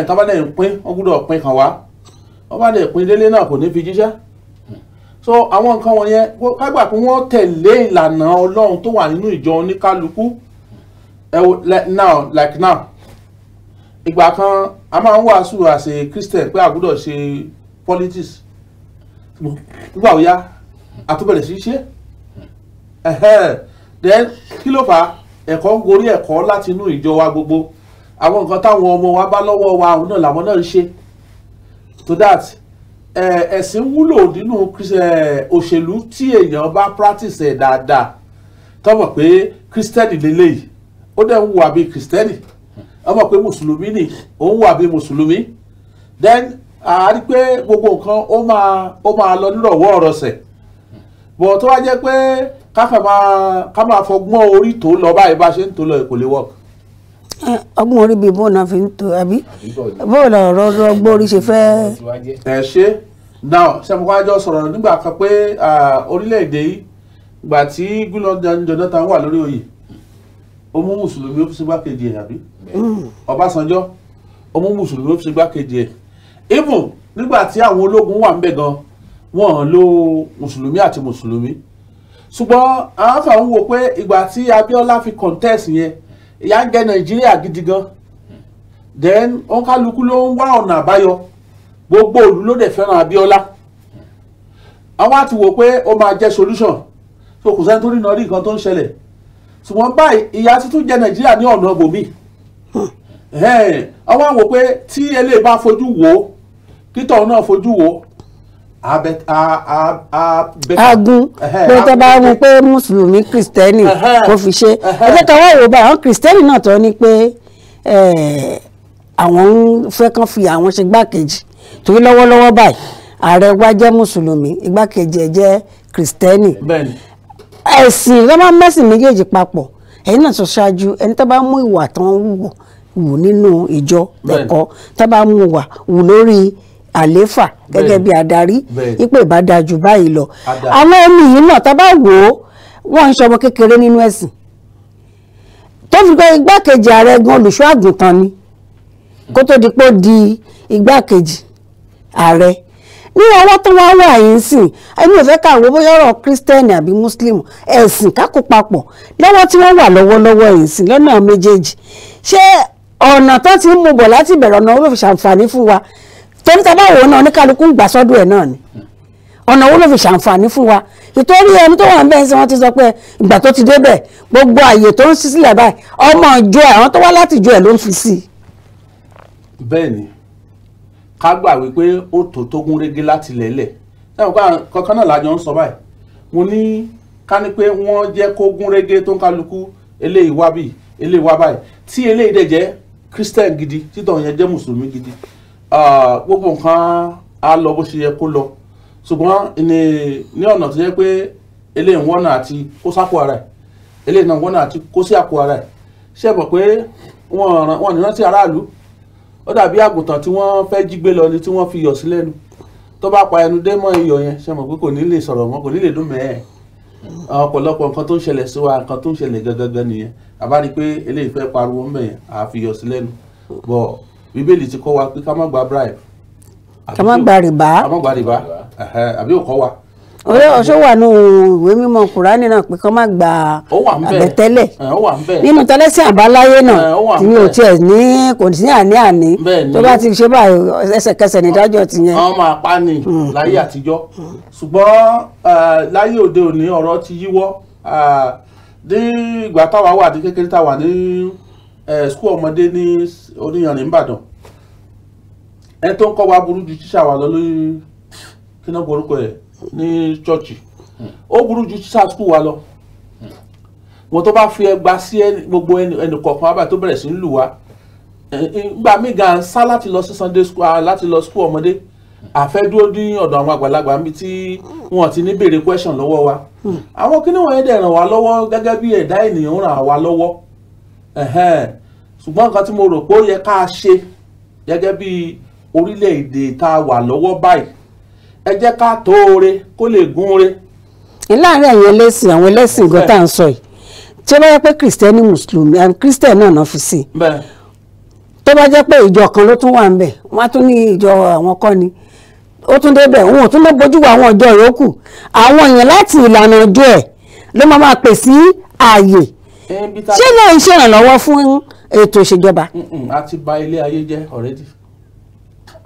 tábàdẹ̀ ń pín gbúdọ̀ pín kan wá wọ́n bá délé náà kò ní fi jíṣẹ́ so àwọn nǹkan wọ̀nyẹn kágbà pé wọ́n tẹ̀lé ìlànà ọlọ́run tó wà nínú ìjọ oníkálukú now like now ìgbà kan a máa ń wàásù as a christian pé a gbúdọ̀ ṣe politics nígbà ó yá sí ṣe then kí ló fà á ẹ̀kọ́ ń gorí ẹ̀kọ́ láti inú ìjọ wa gbogbo àwọn nǹkan táwọn ọmọ wa bá lọ́wọ́ wa àwọn náà làwọn náà ń ṣe to that ẹ̀sìn wúlò nínú òṣèlú tí èèyàn bá practice ẹ̀ dáadáa tọ́mọ̀ pé kírísítẹ́nì lélẹ́yìí ó dẹ̀ ń wà bíi kírísítẹ́nì ọmọ pé mùsùlùmí ni òun wà bíi mùsùlùmí then àárí pé gbogbo nǹkan ó máa ó máa lọ nírọ̀wọ́ ọ̀rọ̀ sẹ̀ bọ̀ tó wá jẹ́ pé káfà máa ká máa fọgbọ́n orí tó lọ báyìí bá ṣe ń tó lọ kò lè work. ọgbọ́n orí bíi bóun náà fi ń tó àbí bóun náà ọ̀rọ̀ ọgbọ́n orí ṣe fẹ́. ẹ ṣe now sẹ́mu wájọ sọ̀rọ̀ nígbà kan pé orílẹ̀-èdè yìí ìgbà tí Goodluck Jonathan wà lórí oyè ó mú mùsùlùmí ó fi sí gbákejì ẹ̀ àbí mm. Ọbásanjọ́ ó mú mùsùlùmí ó fi sí gbákejì ẹ̀ even nígbà tí àwọn ológun wà ń bẹ̀ gan wọ́n lo mùsùlùmí àti mùsùlùmí ṣùgbọ́n àwọn fà ń wò pé ìgbà tí Abíọ́lá fi contest yẹn ìyà ń jẹ Nàìjíríà gidi gan then òǹkálukú ló ń wá ọ̀nà àbáyọ gbogbo òlú ló dẹ̀ fẹ́ràn Abíọ́lá àwọn àti wò pé ó máa jẹ́ solution so kò sẹ́ni tó rí náà rí nǹkan tó ń ṣẹlẹ̀ ṣùgbọ́n báyìí ìyà tuntun jẹ Nàìjíríà ní ọ̀nà bòmíì àwọn àwò pé tí eléyìí bá fojú wò kí tọ̀hún náà fojú wò agun pé tó bá mú pé mùsùlùmí kìrìtẹ́nì kò fi ṣe ẹjẹ́ kan wọ́n wò bá àwọn kìrìtẹ́nì náà tó ní pé àwọn ń fẹ́ kán fi àwọn ṣe gbákejì torí lọ́wọ́lọ́wọ́ báyìí ààrẹ wa jẹ́ mùsùlùmí igbákejì ẹ̀ jẹ́ kìrìtẹ́nì ẹ̀sìn ló máa mẹ́sìn méjèèjì papọ̀ ẹ̀yin náà sọ ṣáájú ẹni tó bá mú ìwà tán wù nínú ìjọ ẹ̀kọ́ tó bá mú wà wù lórí àléfà gẹ́gẹ́ bí adarí ipò ìbádájú báyìí lọ àwọn ẹni yìí náà tá bá wò ó wọ́n ń ṣọmọ kékeré nínú ẹ̀sìn tó fi gbé igbákejì ààrẹ gan olùṣọ́ àgùntàn ni kó tó di pé ó di igbákejì ààrẹ ní ọwọ́ tó wá wà yìí sìn ẹni ò fẹ́ ká wo bóyá ọ̀rọ̀ kírísítẹ́nì àbí mùsùlùmù ẹ̀sìn kákó papọ̀ lọ́wọ́ tí wọ́n wà lọ́wọ́lọ́wọ́ yìí sìn lọ́nà méjèèjì ṣé ọ̀nà tó ti ń mú bọ̀ láti bẹ̀rẹ̀ ọ̀nà wọn fi ṣàǹfààní fún wa torí tá a bá wò ó náà oníkálukú ń gbà sọ́dọ̀ ẹ̀ náà ni ọ̀nà wo ló fi ṣàǹfààní fún wa ìtorí ẹni tó wà ń bẹ́ẹ̀ sí wọn ti sọ pé ìgbà tó ti débẹ̀ gbogbo àyè tó ń ṣí sílẹ̀ báyìí ọmọ ìjọ ẹ̀ àwọn tó wá láti ìjọ ẹ̀ ló ń fi sí i. bẹ́ẹ̀ni ká gbà wípé ó tó tó régé láti lẹ́lẹ̀ táwọn náà lájọ ń sọ báyìí mo ní ká ní pé wọ́n jẹ́ kó gún régé tó ń kálukú eléyìí wá bíi eléyìí wá báyìí tí eléyìí dẹ̀ jẹ́ Christian gidi títọ̀ yẹn jẹ́ mùsùlùmí gidi gbogbo nǹkan á lọ bó ṣe yẹ kó lọ ṣùgbọ́n ní ọ̀nà tó yẹ pé eléyìí ń wọ́nà àti kó sápò ara ẹ̀ eléyìí náà ń wọ́nà àti kó sí àpò ara ẹ̀ ṣe mọ̀ pé wọ́n ní rántí aráàlú ó dàbí àgùntàn tí wọ́n fẹ́ jí gbé lọ ni tí wọ́n fi yọ̀ sí lẹ́nu tó bá pa ẹnu dé mọ́ iyọ̀ yẹn ṣe mọ̀ pé kò ní lè sọ̀rọ̀ mọ́ kò ní lè dún mẹ́ẹ̀ ọ̀pọ̀lọpọ̀ nǹkan tó ń ṣẹlẹ̀ sí wa nǹkan tó ń ṣẹlẹ̀ gangan nìyẹn àbá ni pé eléyìí fẹ́ pariwo mẹ́yẹn àá yọ̀ sí lẹ́nu bọ̀ bíbélì ti kọ́ wa pé ká má gba bribe. ká má gba rìbá. ká má gba rìbá àbí òkọ́ wa. oye ọṣọ wà nù ìwé mímọ́ kùránì náà pé ká má gba àbẹ̀tẹ́lẹ̀ nínú tẹ́lẹ̀sìn àbáláyé náà tí mi ò tiẹ̀ ní kò sí àní àní tó bá ti ṣe báyìí ẹsẹ̀kẹsẹ̀ nídájọ́ ti yẹn. máa pa ni hmm. láyé àtijọ́ ṣùgbọ́n láyé òde òní ọ̀rọ̀ ti yíwọ́ ní ìgbà táwa wà ní kékeré táwa ní skul ọmọdé ní oníyanrìn nìbàdàn ẹni tó ń kọ́ wa burú ju tíṣà wa lọ lórí kí náà gorúkọ ẹ̀ ní ṣọ́ọ̀ṣì ó burú ju tíṣà skul wa lọ wọn tó bá fi ẹgba sí gbogbo ẹnì abáyé tó bẹ̀rẹ̀ sí ń lù wá gbà mí gan sá láti lọ sí sunday school láti lọ skul ọmọdé àfẹ́dúró ní ọ̀dọ̀ àwọn àgbàlagbà mi tí wọn ti ní béèrè question lọ́wọ́ wa àwọn kíní wọ̀nyẹn dẹ̀ ràn wá lọ́wọ́ gẹ́gẹ́ bí ẹ̀dá ènìyàn ràn wá lọ́wọ́ ṣùgbọ́n nǹkan tí mo rò pé ó yẹ ká ṣe gẹ́gẹ́ bí orílẹ̀-èdè tá a wà lọ́wọ́ báyìí ẹ jẹ́ ká tó ore kó lè gún ore. láàárín ẹ̀yin ẹlẹ́sìn àwọn ẹlẹ́sìn gan tá à ń sọ yìí tí ó bá yẹ pé kìrìsìtẹ́nì mùsùlùmí kìrìsìtẹ́nì náà náà fi sí i tó bá jẹ́ pé ìjọ kan ló tún wà ń bẹ̀ wọ́n á tún ní ìjọ àwọn kọ́ ni ó tún débẹ̀ wọn ò tún lọ bójú wo àwọn ìjọ yòókù àwọn èèyàn láti ìlànà ọjọ́ ẹ̀ ló máa máa pè sí ṣé náà ń ṣèrànlọ́wọ́ fún ètò ìṣèjọba. a ti bà ilé ayé jẹ́ ọ̀rẹ́dì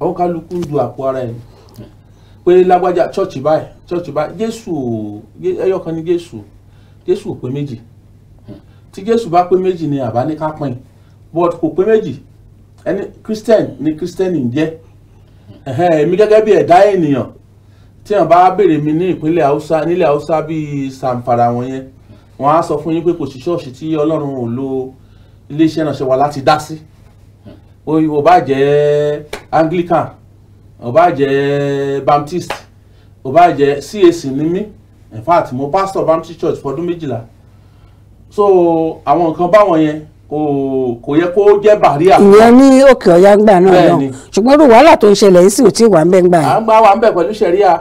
ó kálukú ń du àpò ara ẹ̀ pé lágbájá ṣọ́ọ̀ṣì báyìí ṣọ́ọ̀ṣì báyìí jésù ẹyọkan ní jésù jésù pé méjì tí jésù bá pé méjì ni àbá ní ká pín but kò pé méjì ẹni christian ni christian ń jẹ́ èmi gẹ́gẹ́ bí ẹ̀dá ènìyàn tí wọ́n bá béèrè mi ní ìpínlẹ̀ haúsá nílẹ̀ haúsá bíi sàǹfàrà wọ̀nyẹn wọ́n á sọ fún yín pé kò sí ṣọ́ọ̀ṣì tí ọlọ́run ò lo iléeṣẹ́ ìránṣẹ́ wa láti dá sí ó bá jẹ́ anglican ó bá jẹ́ baptist ó bá jẹ́ cac ní mí in fact mo pastor baptist church fọdún méjìlá so àwọn nǹkan báwọn yẹn kò yẹ kó jẹ́ bàríà. ìyẹn ní òkè ọ̀yá ń gbà náà lọ ṣùgbọ́n irú wàhálà tó ń ṣẹlẹ̀ yìí sì ò tí ì wà ń bẹ́ gbà yẹn. à ń gbà wà ń bẹ̀ pẹ̀lú ṣẹ̀ríà.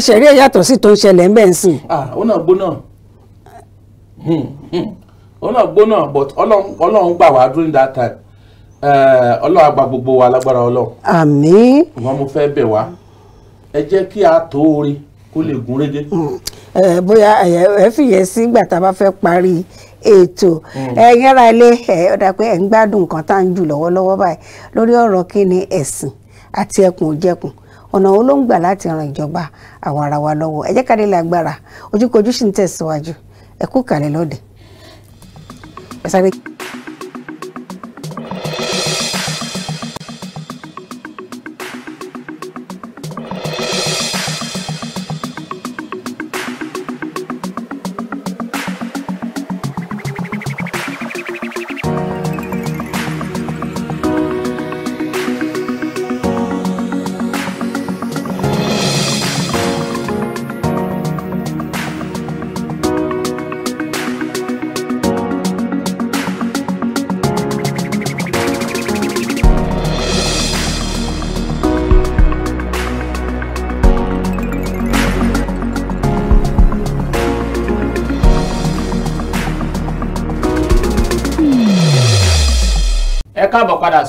ṣẹ̀ríà yàtọ̀ sí tó ń ṣẹlẹ̀ ń bẹ̀ ń sìn. ah ó náà gbóná òun hmm, hmm. but ọlọ́run gbà wá during that time eh, ọlọ́run agba gbogbo wa lágbára ọlọ́run. wọn mo fẹ bẹ̀ wá ẹ jẹ́ kí a tó orin kó lè gún régé. Hmm. Eh, bóyá eh, ẹ fìyẹ sí ìgbà tá a bá parí ètò ẹ yára ilé ẹ ọ̀dà pé ẹ ń gbádùn nǹkan tá à ń jù lọ́wọ́lọ́wọ́ báyìí lórí ọ̀rọ̀ kí ni ẹ̀sìn àti ẹkùn òjẹkùn ọ̀nà wa lọ́wọ́ ẹ jẹ́ ká dé lágbára ojúkojú ẹ kú kàlẹ́ lọ́dẹ̀ ẹ sáré.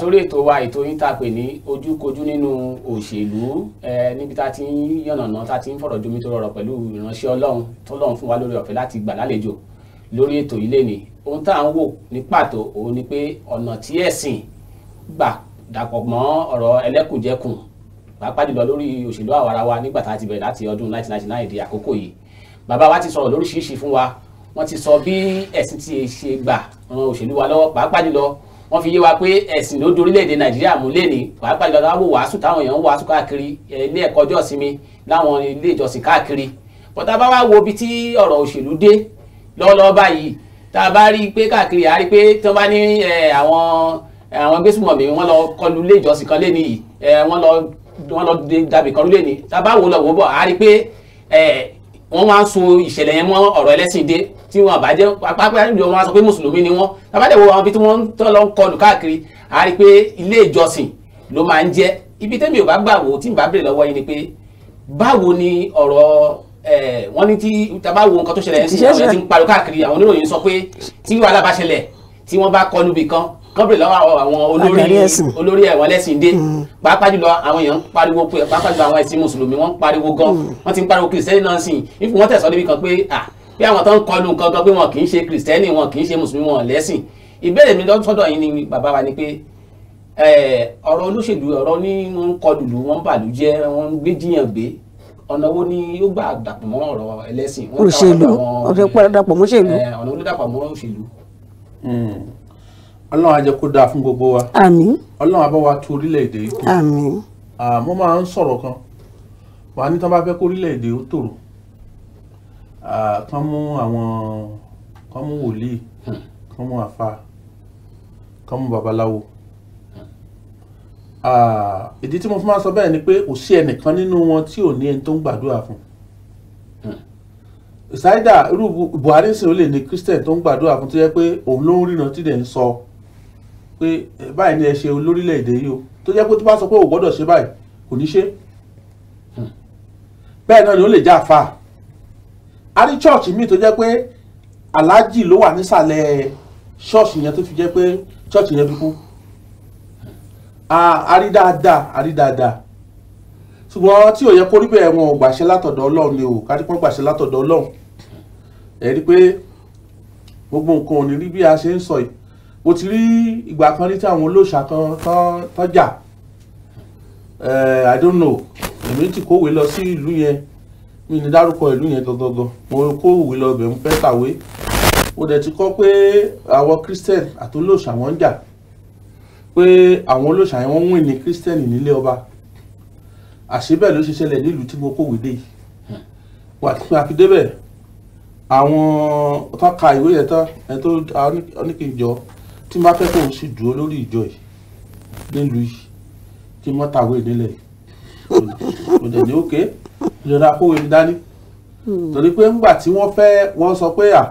sórí ètò wa ètò yín tá a pè ní ojúkojú nínú òṣèlú níbi tá a ti ń yànnàná tá a ti ń fọ̀rọ̀ jomi tó rọrọ̀ pẹ̀lú ìránṣẹ́ ọlọ́run tó lọ́run fún wa lórí ọ̀fẹ́ láti gbà lálejò lórí ètò yìí lẹ́ni ohun tá à ń wò ní pàtó òun ni pé ọ̀nà tí ẹ̀sìn gbà dàpọ̀ mọ́ ọ̀rọ̀ ẹlẹ́kùnjẹkùn pàápàá jùlọ lórí òṣèlú àwarawa nígbà tá a ti bẹ̀rẹ̀ láti ọdún 1999 di àkókò wọ́n fi yé wa pé ẹ̀sìn ló dorílẹ̀-èdè nàìjíríà mú lẹ́ni pàápàá ìgbàgbọ́ wò wàásù táwọn èèyàn ń wàásù káàkiri ilé ẹ̀kọ́ ọjọ́sinmi láwọn ilé ìjọsìn káàkiri bọ́tà bá wá wo ibi tí ọ̀rọ̀ òṣèlú dé lọ́wọ́lọ́wọ́ báyìí tá a bá rí i pé káàkiri àá rí i pé tí wọ́n bá ní àwọn àwọn gbésùmọ̀mí wọ́n lọ kọlu ilé ìjọsìn kan lẹ́ni yìí wọ́n lọ dàbí kọlu lẹ́ni tá a bá wò lọ wò bọ̀ àá pé wọ́n wá so ìṣẹ̀lẹ̀ yẹn mọ́ ọ̀rọ̀ ẹlẹ́sìn dé tí wọ́n bá jẹ́ pápá ìjọ wọn sọ pé mùsùlùmí ni wọ́n tábàdẹ̀ wo àwọn ibi tí wọ́n ń tọ́ lọ ń kọlù káàkiri a rí i pé ilé ìjọsìn ló máa ń jẹ́ ibi tẹ́mi ò bá gbà wò tí n bá bèrè lọ́wọ́ yín ni pé báwo ni ọ̀rọ̀ wọ́n ní tí tábà wo nǹkan tó ṣẹlẹ̀ ẹ̀sìn àwọn ti ń pariwo káàkiri àwọn oníròyìn sọ pé tí wàhálà bá ṣẹlẹ̀ tí wọ́n bá kọlù bì kọ́bìrì lọ́wọ́ àwọn olórí olórí ẹ̀wọ̀n lẹ́sìn dé mm. pàápàá jùlọ àwọn èèyàn ń pariwo pé pàápàá jùlọ àwọn ẹ̀sìn mùsùlùmí wọ́n ń pariwo gan mm. wọ́n ti ń pariwo kìrìsìtẹ́nì náà sìn if wọ́n tẹ̀sọ́ níbi kan pé à pé àwọn tó ń kọlu nǹkan kan pé wọn kì í ṣe kìrìsìtẹ́nì wọn kì í ṣe mùsùlùmí wọn lẹ́sìn ìbéèrè mi lọ́sọ́dọ̀ yín ni bàbá wa ni pé ọ̀rọ̀ olóṣèlú ọ̀rọ̀ ní wọ́n ń kọlùlù wọ́n ń bàlù jẹ́ wọ́n ń gbé jiyàn gbé ọ̀nà wo ni ó gbà dàpọ̀ mọ́ ọ̀rọ̀ ẹlẹ́sìn. olùṣèlú ọ̀rẹ́ pàdàpọ̀ mọ́ṣèlú. ọ̀nà olùdàpọ̀ mọ́ òṣèlú. Hmm ọlọ́run á jẹ́ kó dáa fún gbogbo wa àmín ọlọ́run á bá wa tún orílẹ̀-èdè yìí kù àmín mo máa ń sọ̀rọ̀ kan wà á ní tán bá fẹ́ kó orílẹ̀-èdè ó tòrò kán mú àwọn kán mú wòlíì kán mú àfa kán mú babaláwo ìdí tí mo fi máa sọ bẹ́ẹ̀ ni pé kò sí ẹnìkan nínú wọn tí ò ní ẹni tó ń gbàdúrà fún ṣáídà irú Buhari sì ó lè ní Christian tó ń gbàdúrà fún tó yẹ pé òun ló ń ríran tí dẹ̀ ń sọ. So pé báyìí ni ẹ ṣe olórílẹ̀‐èdè yìí o tó jẹ́ pé tó bá sọ pé ò gbọ́dọ̀ ṣe báyìí kò ní ṣe hmm. bẹ́ẹ̀ náà ni ó lè já àfa a rí chọ́ọ̀chì míì tó jẹ́ pé aláàjì ló wà nísàlẹ̀ ṣọ́ọ̀ṣì yẹn tó fi jẹ́ pé chọ́ọ̀chì yẹn fi a rí dáadáa a rí dáadáa ṣùgbọ́n tí ò yẹ kó rí bẹ́ẹ̀ wọn ò gbàṣẹ látọ̀dọ̀ ọlọ́run ni o kárí pọ́n gbàṣẹ látọ̀dọ̀ ọlọ́run ẹ̀ pé gbogbo nǹkan ò ní rí bí a ṣe ń sọ yìí mo ti rí ìgbà kan rí tí àwọn olóòṣà kan tán jà eh, i don't know èmi ti kówé lọ sí ìlú yẹn mi ní dárúkọ ìlú yẹn gangan mo kówé lọ bẹ̀ mo fẹ́ kàwé mo dẹ̀ ti kọ́ pé àwọn christian àti olóòṣà wọn ń jà pé àwọn olóòṣà yẹn wọ́n ń wìn ní christian nílé ọba àṣebẹ̀ ló ṣe ṣẹlẹ̀ nílùú tí mo kówé dé wà tí a fi débẹ̀ àwọn tó ka ìwé yẹn tán ẹni tó oníkejì jọ tí n bá fẹ́ kó o sì dúró lórí ìjọ yìí nílùú yìí tí mo tàwé nílẹ̀ yìí mo dẹ̀ ní òkè ìjọba kó omi dání hmm. torí pé ńgbà tí wọ́n fẹ́ wọ́n sọ pé ah,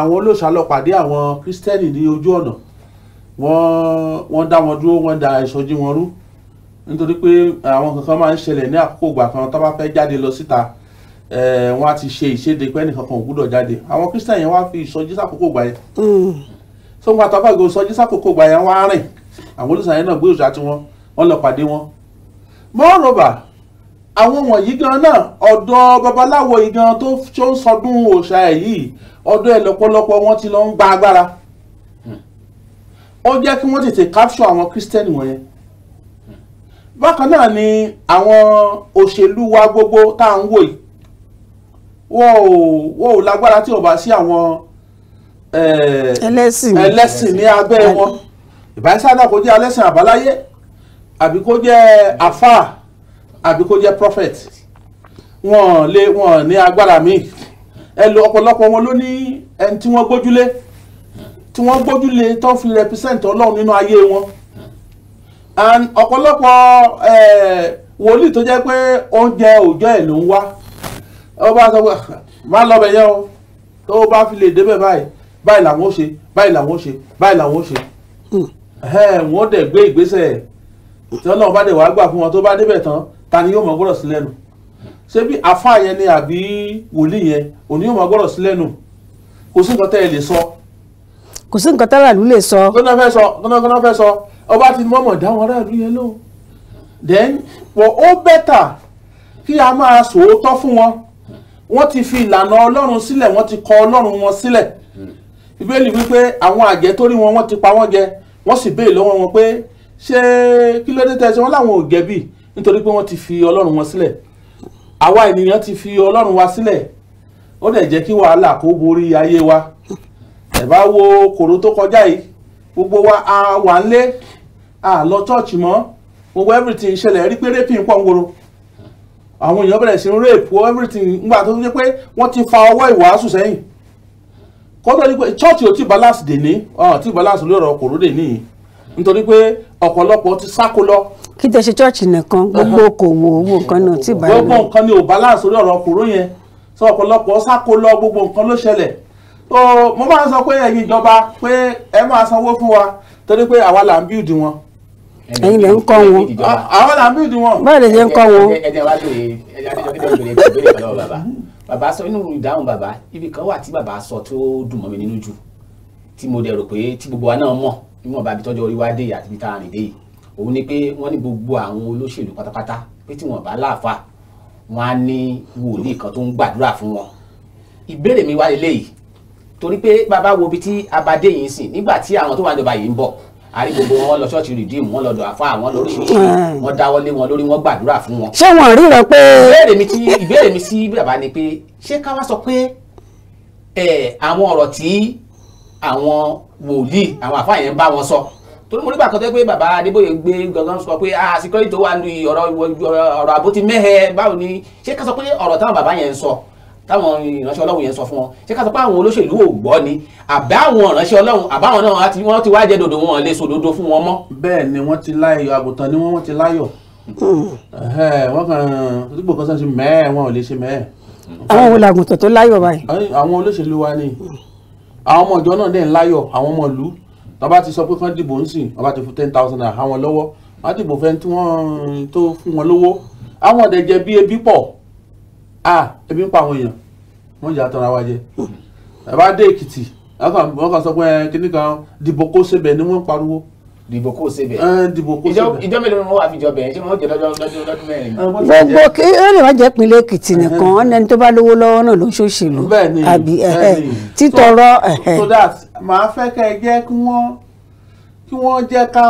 àwọn olóòṣà lọ pàdé àwọn kírísítẹ́nì ní ojú ọ̀nà wọ́n dá wọn dúró wọ́n da ìsọjí wọn rú nítorí pé àwọn kankan máa ń ṣẹlẹ̀ ní àkókò ìgbà kan tó bá fẹ́ jáde lọ síta. Si wọn á ti ṣe ìṣèdè pé ẹnìkan kan ò gbúdọ̀ jáde àwọn Christian yẹn wá fi ìsọjí sàkókò gbà yẹn mm. so wọn àtàwọn àgbẹ̀ ìsọjí sàkókò gbà yẹn wá rìn àwọn olùsàn yẹn náà gbé òṣà tiwọn wọn lọ pàdé wọn. moreover àwọn wọ̀nyí gan náà ọ̀dọ̀ babaláwo yìí gan tó ń sọdún òòṣà ẹ̀ yìí ọ̀dọ̀ ẹ̀ lọ́pọ̀lọpọ̀ wọn ti lọ ń gba agbára ó jẹ́ kí wọ́n tètè capture àwọn christian wọ̀nyẹn bákan náà ni àwọn òṣèlú wa gbogbo tá à ń wò yìí wọ́n ò wọ́n ò lágbára tí ò bá sí àwọn ẹlẹ́sìn ẹlẹ́sìn ní abẹ́ wọn ìbáṣádà kó jẹ́ ẹlẹ́sìn àbáláyé àbí kó jẹ́ afa àbí kó jẹ́ prophet wọ́n lé wọ́n ní agbára mi. ẹ lo ọ̀pọ̀lọpọ̀ wọn ló ní ẹni tí wọ́n gbójúlé tí wọ́n gbójúlé tó fi represent ọlọ́run nínú ayé wọn and ọ̀pọ̀lọpọ̀ wòlíì tó jẹ́ pé oúnjẹ òòjọ́ ẹ̀ ló ń wá ọba sọ pé má lọ bẹ̀ yẹn o tó o bá fi lè débẹ̀ báyìí báyìí làwọn ó ṣe báyìí làwọn ó ṣe báyìí làwọn ó ṣe hmm. wọ́n dẹ̀ gbé ìgbésẹ̀ tí ọlọ́run bá dẹ̀ wá gbà fún wọn tó bá débẹ̀ tán ta ni yóò mọ gbọ́dọ̀ sí lẹ́nu ṣé bí àfáà yẹn ni àbí wòlíì yẹn òní yóò mọ gbọ́dọ̀ sí lẹ́nu kò sí nǹkan tẹ́ ẹ lè sọ. kò sí nǹkan tára ìlú lè sọ. kọ́nà fẹ́ sọ kọ́nà fẹ́ sọ ọba ti mọ̀mọ̀ dá wọn aráàlú yẹn lóhùn then wọ́n ó bẹ́tà kí a máa sòótọ́ fún wọn wọ́n ti fi ìlànà ọlọ́run sílẹ̀ wọ́n ti kọ ọlọ́run wọn sílẹ̀ ìbéèlì wípé àwọn àjẹ́ tó rí wọn wọ́n ti pa wọ́n jẹ wọ́n sì béè lọ́wọ́ wọn pé ṣé kí ló dé tẹ́ ṣe wọ́n láwọn ò jẹ̀bi nítorí pé wọ́n ti fi ọlọ́run wọn sílẹ̀ àwa ènìyàn ti fi ọlọ́run wa sílẹ̀ ó dẹ̀ jẹ́ kí wàhálà kó borí ayé wa ẹ̀ bá wo kòró tó kọjá yìí gbogbo wa a wà ń lé a lọ chọ́ọ̀chì mọ́ gbogbo everything ṣẹlẹ̀ rí pé rẹ́pì ń pọ̀ ń woro àwọn èèyàn bẹ̀rẹ̀ sí ń rape o everything ńgbà tó ṣe pé wọ́n ti fa ọwọ́ ìwàásù sẹ́yìn kọ́tọ́ ni pé church ò tí balance dè ní ọ̀ tí balance lórí ọ̀rọ̀ kòró dè níyì nítorí pé ọ̀pọ̀lọpọ̀ ti sáko lọ. kí tẹ ṣe church nìkan gbogbo okòwò owó nǹkan náà ti balance. gbogbo nǹkan ni ò balance lórí ọ̀rọ̀ kòró yẹn sọ ọ̀pọ̀lọpọ̀ sáko lọ gbogbo nǹkan ló ṣẹlẹ̀ mo máa ń sọ pé ẹ̀yin ìjọba pé ẹ máa sanwó fún wa torí pé àwa là ń build wọn ẹ̀yin lè ń kọ́ wọn. àwọn là ń bí ìdíwọ̀n. báyìí lè ṣe ń kọ́ wọn. ẹ̀jẹ̀ wa lè ẹ̀jẹ̀ adéjọ́ bẹ̀rẹ̀ bẹ̀rẹ̀ pẹ̀lú bàbá bàbá sọ inú ìdáhùn bàbá ibi kan wà tí bàbá sọ tó dùn mọ́ mi nínú jù tí mo dẹ̀ rò pé tí gbogbo wa náà mọ̀ níwọ̀n bàbí tọ́jú orí wa dé àti ibi tá a rìn dé yìí òun ni pé wọ́n ní gbogbo àwọn olóṣèlú pátápátá pé tí wọ́n bá láàfà wọ́n á ní wòlíì kan tó ń gbàdúrà fún wọn ìbéèrè mi wá lélẹ́yìí torí pé bàbá wo ibi tí abadé yìí ń sìn nígbà tí àwọn tó wà níjọba yìí ń bọ̀ àrí gbogbo wọn lọ ṣọ́ọ̀ṣì rìdíìmù wọn lọ dọ̀ àfa àwọn lóríṣiríṣi hmm. wọn dáwọ́ lé wọn lórí wọn gbàdúrà fún wọn. ṣé wọn rí rẹ pé. ìbéèrè mi ti ìbéèrè mi sí bàbá ni pé ṣé ká wá sọ pé àwọn ọ̀rọ̀ tí àwọn wòlíì àwọn àfa yẹn bá wọn sọ torí mo rí bàkan pé bàbá Adébóyè gbé gangan sọ pé ah security wà ní ọ̀rọ̀ àbótí mẹ́hẹ̀ẹ́ báwo ni ṣé ká sọ pé ọ̀rọ̀ táwọn bàbá yẹn ń sọ táwọn ìránṣẹ́ ọlọ́run yẹn sọ fún wọn ṣé ká sọ pé àwọn olóṣèlú ò gbọ́ ni àbá àwọn ìránṣẹ́ ọlọ́run àbá àwọn náà wọ́n ti wá jẹ́ dòdò wọn lè sòdodo fún wọn mọ́. bẹ́ẹ̀ ni wọ́n ti láyọ̀ àgùntàn ni wọ́n ti láyọ̀ wọ́n kàn dípò kan sọ́ọ́ ṣe mẹ́ẹ̀ wọn ò lè ṣe mẹ́ẹ̀. àwọn wo làgùntàn tó láyọ̀ báyìí. àwọn olóṣèlú wa ni àwọn ọmọ ìjọ náà dẹ̀ ń láyọ̀ àwọn ọmọ ìlú tó bá ti sọ pé kán dìbò ń sìn wọ́n bá ti fún ten thousand naira àwọn lọ́wọ́ wọ́n á dìbò fẹ́ tí wọ́n tó fún wọn lówó àwọn ọ̀dẹ̀ jẹ bí ebi pọ̀ ah ebi ń pa àwọn èèyàn wọ́n jà tanra wa jẹ ẹ bá dé èkìtì wọ́n kàn sọ pé kíní kan dìbò kó sebẹ̀ ni wọ́n pariwo dìbò kó sebẹ̀ dìbò kó sebẹ̀ ìjọ mélòó ni wọ́n wà fi jọ bẹ̀rẹ̀ ṣé wọ́n jẹ lọ́dún lọ́dún mẹ́rin. gbogbo kí ó lè má jẹ́ ìpínlẹ̀ èkìtì nìkan ẹni tó bá lówó lọ́wọ́ náà ló ń ṣòṣèlú àbí títọrọ. so that màá fẹ́ kẹ́ ẹ jẹ́ kí wọ́n kí wọ́n jẹ́ ká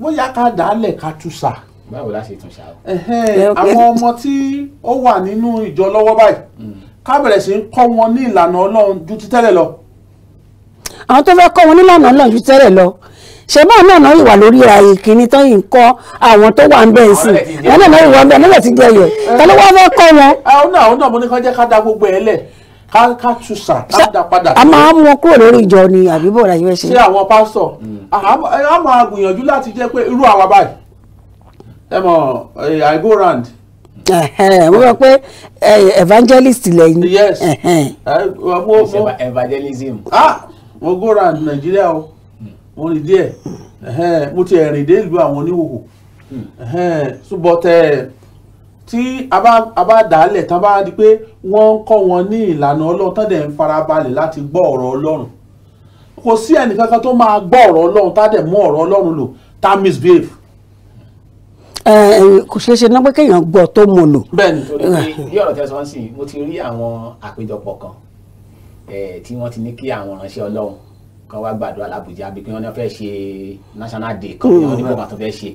bóyá ká dàálẹ̀ ká túsà báwo la ṣe tún ṣá o. àwọn ọmọ tí ó wà nínú ìjọ lọ́wọ́ báyìí mm. ká bẹ̀rẹ̀ sí ń kọ́ wọn ní ìlànà ọlọ́run ju ti tẹ́lẹ̀ lọ. àwọn tó fẹ́ kọ́ wọn nílànà ọlọ́run ju tẹ́lẹ̀ lọ ṣe báwọn náà náà ìwà lórí ààyè kìíní tán yìí ń kọ́ àwọn tó wà ń bẹ́ẹ̀ sí i wọn náà náà ìwà ń bẹ́ẹ̀ nígbà tí jẹ́ yẹ tẹ́lẹ̀ wọ́n fẹ́ kọ́ wọn. àwọn ah, náà àwọn náà mo ní kán jẹ́ ká da gbogbo ẹ̀ lẹ̀ ká ká tu sà ká da padà. a máa mú wọn kúrò lórí ìjọ ni àbí bò láyé fẹ́ ṣe. ṣé àwọn pásítọ̀ mm. a máa gbìyànjú láti jẹ́ pé irú àwa báyìí ẹ i go round. mo rò pé evangelist lẹ́yìn. yes mo mo evangelism. ah mo go round Nigeria. o hmm. mo rìn díẹ̀ mo ti rìn dé ìlú àwọn oníwòwò ṣùgbọ́n hmm. tẹ tí a bá dàálẹ̀ tán bá di pé wọ́n ń kọ́ wọn ní ìlànà ọlọ́run tán dẹ̀ ń farabalẹ̀ láti gbọ́ ọ̀rọ̀ ọlọ́run kò sí ẹnìkankan tó máa gbọ́ ọ̀rọ̀ ọlọ́run tá dẹ̀ mú ọ̀rọ̀ ọlọ́run lò tá misbehave kò ṣeé ṣe ná pé kéèyàn gbọ́ tó mọ̀ lò. bẹ́ẹ̀ni torí pé bí ọ̀rọ̀ tẹsán sí mo ti rí àwọn àpéjọpọ̀ kan tí wọ́n ti ní kí àwọn ránṣẹ́ Ọlọ́run kan wá gbàdúrà làbújá bí pé wọ́n fẹ́ ṣe national day kan mm. ní wọ́n ní bọ́ọ̀mà tó fẹ́ ṣe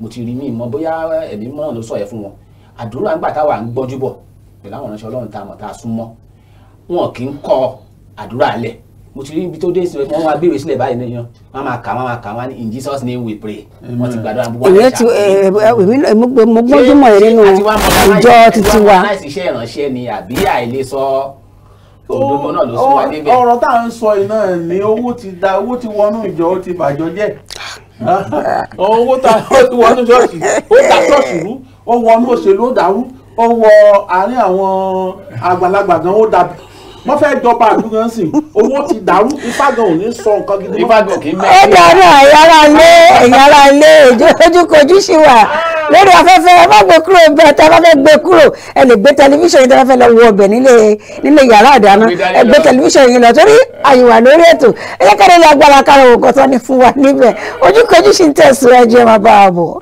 mo ti rí mi mọ bóyá ẹ̀mí mọ́ ló sọ yẹ fún wọn àdúrà ń gbà táwa ń gbọ́njú bọ̀ pẹ̀lú àwọn ránṣẹ́ Ọlọ́run tá a mọ̀ tá a sún mọ́ wọn kì í kọ àdúrà lẹ̀ mo ti rí ibi tó dé sí wọn wá béèrè sílẹ̀ báyìí nìyẹn wọn máa kà wọn máa kà wọn in Jesus name we pray wọn ti gbàdúrà gbogbo àlẹ́ ṣáà. Eh, eh, eh, èmi mo gbọ́dọ̀ mọ̀ nínú ìjọ títí wa. láìsí ìránṣẹ́ ni àbí àìlèsọ òdòdó náà ló sún wa débẹ̀. ọ̀rọ̀ tá à ń sọ iná ni owó ti da owó ti wọnú ìjọ ó ti bàjọ́ jẹ́ ah. owó ta wọnú ṣọ́ọ̀ṣì ó ta ṣọ́ọ̀ṣì rú ó wọnú òṣèlú ó dàrú ó wọ àárín àwọn àgbàlagbà gan ó dàbí wọ́n fẹ́ jọba àdúgbò ń sìn owó ti dàrú ìfàgàn ò ní sọ nǹkan gidi. ìfàgàn kì í mẹ́rin. ó dàrú ẹ̀yà ara ilé ẹ̀yà ara ilé ojúkojú sí wa lórí afẹ́fẹ́ ẹ má gbé kúrò bẹ́ẹ̀ tá a bá fẹ́ gbé kúrò ẹ lè gbé tẹlifíṣàn yìí tá a fẹ́ lọ wo ọbẹ̀ nílé nílé yàrá àdáná ẹ gbé tẹlifíṣàn yìí lọ torí àyùwà lórí ètò ẹ jẹ́ ká lè lọ agbára kára òkòtọ́ ni fún wa níbẹ̀ ojúkojú sì ń tẹ̀síwájú ẹ má bá a bọ̀.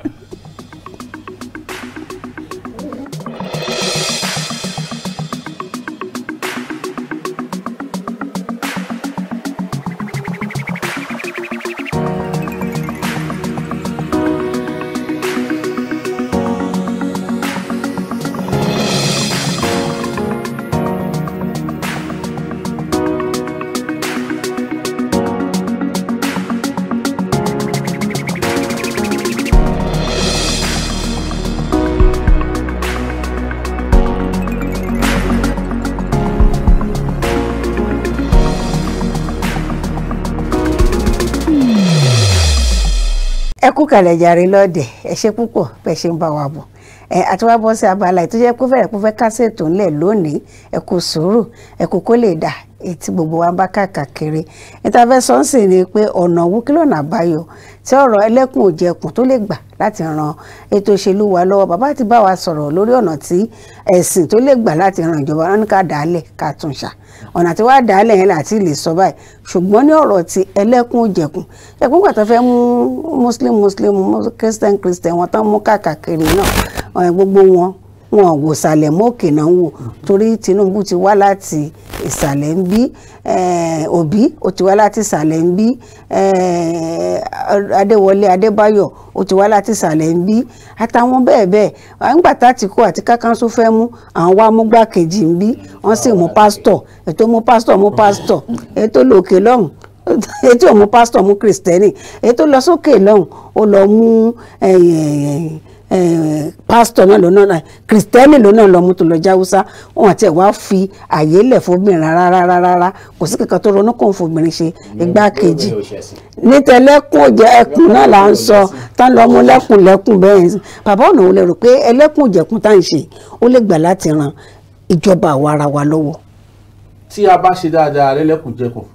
kàlẹ̀ jàre lọ́ọ̀dẹ̀ ẹ ṣe púpọ̀ bẹ́ ṣe ń bá wa bọ̀ ẹ àtiwábọ̀ sí abala ètò jẹ́ kó fẹ́rẹ̀ kó fẹ́ kásẹ̀ tó ńlẹ̀ lónìí ẹ kú sùúrù ẹ kú kó lè dà tí gbogbo wa ń bá kàkàkiri ìtafẹ́sọ̀ ń sì ni pé ọ̀nà òwú kí lọ́nà àbáyọ tí ọ̀rọ̀ ẹlẹ́kùn òjẹkùn tó lè gbà láti ran ètò òṣèlú wa lọ́wọ́ bàbá ti bá wa sọ̀rọ̀ lórí ọ̀nà tí ẹ̀sìn tó lè gbà láti ran ìjọba wọn ká dàálẹ̀ ká tún ṣà ọ̀nà tí wàá dàálẹ̀ yẹn láti lè sọ báyìí ṣùgbọ́n ní ọ̀rọ̀ ti ẹlẹ́kùn òjẹkùn ẹ̀kún gbà tó fẹ́ mú muslim muslim christian christian wọn tán mú káàkiri náà gbogbo wọn wọn wò ìsàlẹ̀ mọ́kè náà wò torí Tinubu ti wá láti ìsàlẹ̀ ń bí Obi eh, ó ti wá láti ìsàlẹ̀ ń bí eh, Adéwọlé Adébáyọ̀ ó ti wá láti ìsàlẹ̀ ń bí àtàwọn bẹ́ẹ̀ bẹ́ẹ̀ nígbà tátìkù àti kákánsó fẹ́ mú àwọn wá mú gbàkejì ń bí wọ́n sì mú pásítọ̀ ètò mú pásítọ̀ mú pásítọ̀ ètò lòkè lọ́hùn ètò mú pásítọ̀ mú kìrìsìtẹ́nì ètò lọ sókè lọ́hùn ó lọ mú eh, Eh, pásítọ̀ náà lọ́nà náà kìrìtẹ́nì lọ́nà lọ́mú tó lọ jáwúsá wọn àti ẹ̀wá fi àyè lẹ̀ fóbìnrin rárá rárá kò sí kankan tó ronú kàn fóbìnrin ṣe igbákejì ní tẹlẹ́kùn òjẹ́ ẹkùn náà là ń sọ tá ń lọ mú lẹ́kùn lẹ́kùn bẹ́ẹ̀ bàbá ọ̀nà òun lè rò pé ẹlẹ́kùn òjẹ̀kùn tá à ń ṣe ó lè gbà láti ran ìjọba àwa wa lọ́wọ́. tí a bá ṣe dáadáa lẹ́lẹ́kùnjẹkùn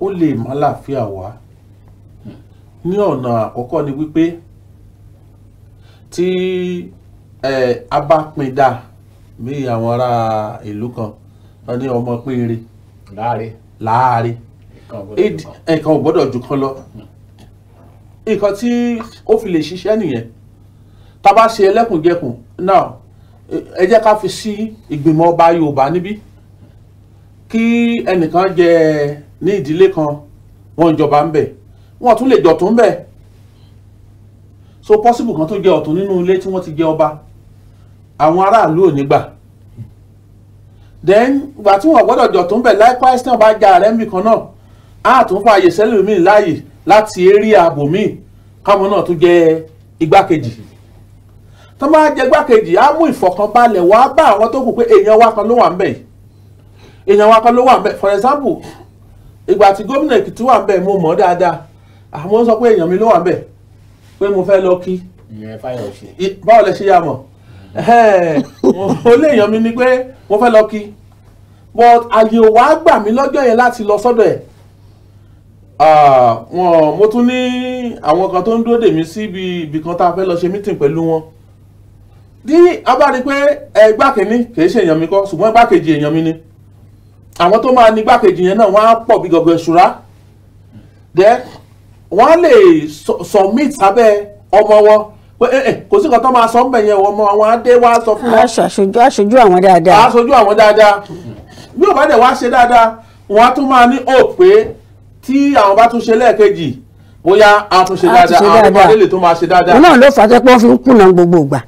ó lè má ni wípé tí a bá pín dáa bí àwọn ará ìlú kan wọn ní ọmọ péré láàárẹ̀ ẹ̀kan ò gbọ́dọ̀ jù kan lọ nǹkan tí ó fi lè ṣiṣẹ́ nìyẹn tá a bá ṣe ẹlẹ́kùnjẹkùn náà ẹ jẹ́ ká fi sí ìgbìmọ̀ ọba Yorùbá níbí kí ẹnìkan jẹ ní ìdílé kan wọ́n jọba ń bẹ̀ wọ́n tún lè jọ tó ń bẹ̀ so possible kan tó jẹ́ ọ̀tún nínú ilé tí wọ́n ti jẹ ọba àwọn aráàlú ò ní gbà then ìgbà tí wọ́n gbọ́dọ̀ jọ tó ń bẹ̀ likewise tí wọ́n bá ja ààrẹ mì kan náà á tún fààyè sẹ́lẹ̀mí láàyè láti eré ààbò míì káwọn náà tún jẹ igbákejì tó bá jẹ igbákejì á mú ìfọ̀kànbalẹ̀ wá bá àwọn tó kù pé èèyàn wa kan ló wà ń bẹ̀ wa kan ló wà ń for example ìgbà tí gómìnà Èkìtì wà ń bẹ̀ mo mọ̀ dáadáa àwọn sọ pé èèyàn mi ló wà ń pé mo fẹ́ lọ kí báwo lẹ ṣe yà mọ̀ ó lè yàn mí ni pé mo fẹ́ lọ kí but àyè ò wá gbà mí lọ́jọ́ yẹn láti lọ sọ́dọ̀ ẹ̀ wọn mo tún ní àwọn kan tó ń dúró dè mí síbi ibìkan tá a fẹ́ lọ ṣe mítìn pẹ̀lú wọn bí a bá rí i pé ẹgbà kìíní kìí ṣe èèyàn mi kọ́ ṣùgbọ́n ẹgbà kejì èèyàn mi ni àwọn tó máa ní igbákejì yẹn náà wọ́n á pọ̀ bí gọ̀gọ̀ ìṣúra then wọ́n lè submit abẹ́ ọmọ wọn eh, eh, kò sí nǹkan tó máa sọ ń bẹ̀ yẹn ọmọ àwọn adé wa sọ fún wọn. aṣojú aṣojú àwọn dáadáa. aṣojú àwọn dáadáa bí ò bá dẹ̀ wá ṣe dáadáa wọ́n á tún máa ní ò pé tí àwọn bá tún ṣe lẹ́ẹ̀kejì bóyá a tún ṣe dáadáa àwọn ọmọdé lè tún máa ṣe dáadáa. náà ló fà á tẹ́ pé wọ́n fi ń kùnà gbogbo ìgbà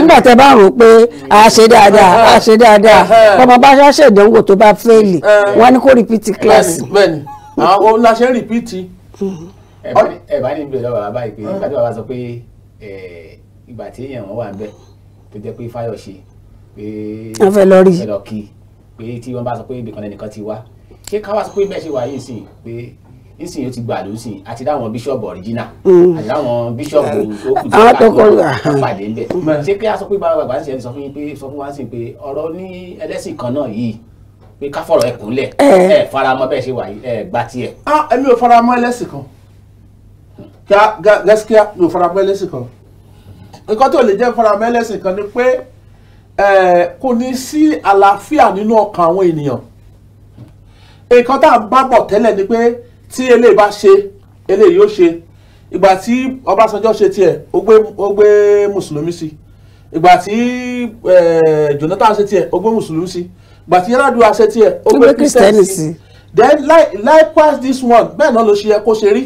nígbà tẹ́ bá rò pé a ṣe dáadáa a ṣe dáadáa ọmọ bá ṣá ṣe ìdánwò tó bá fẹ́ẹ̀lì wọ́n ní kó rìpíìtì kíláàsì. bẹ́ẹ̀ni àwọn ọmọ ṣe ń ẹ bá ní ìbílẹ̀ lọ́wọ́ bàbá yìí pé ìgbà tí bàbá sọ pé ìgbà tí èèyàn wọn wà ń bẹ tó jẹ́ pé Fáyọ̀ṣe pé wọ́n fẹ́ lọ rí lọ kí pé tí wọ́n bá sọ pé ibìkan lẹ́nìkan ti wá ṣé káwá sọ pé bẹ́ẹ̀ ṣe wà yìí sìn pé nísìnyí ó ti gbà ló sìn àti láwọn bíṣọ̀bù ọ̀ríjínà àti láwọn bíṣọ̀bù òkú tí wọ́n kọ́ pàdé ńbẹ̀ ṣé pé a sọ pé bàbá bàbá ń ṣe ẹni sọ fún yín pé sọ fún wa sí pé ọ̀rọ̀ ní ẹlẹ́sìn kan náà yìí pé ká fọ̀rọ̀ ẹ̀kúnlẹ̀ ẹ̀ faramọ́ bẹ́ẹ̀ ṣe wà yìí ẹ̀ gbá tiẹ̀. èmi ò faramọ́ ẹlẹ́sìn kan gaskiya mi ò faramọ́ ẹlẹ́sìn kan nǹkan tó lè jẹ́ faramọ́ ẹlẹ́sìn kan ni pé eh, kò ní sí àlàáfíà nínú ọkàn àwọn ènìyàn nǹkan tá à ń bá bọ̀ tẹ́lẹ̀ ni pé tí eléyìí bá ṣe eléyìí yóò ṣe ìgbà tí Ọbásanjọ́ ṣe tiẹ̀ ó gbé mùsùlùmí sí ìgbà tí eh, Jonathan ṣe tiẹ̀ ó gbé mùsùlùmí sí ìgbà tí Yar'Adua ṣe tiẹ̀ ó gbé kristẹni sí then likewise this one bẹ́ẹ̀ náà ló ṣe yẹ kó ṣe rí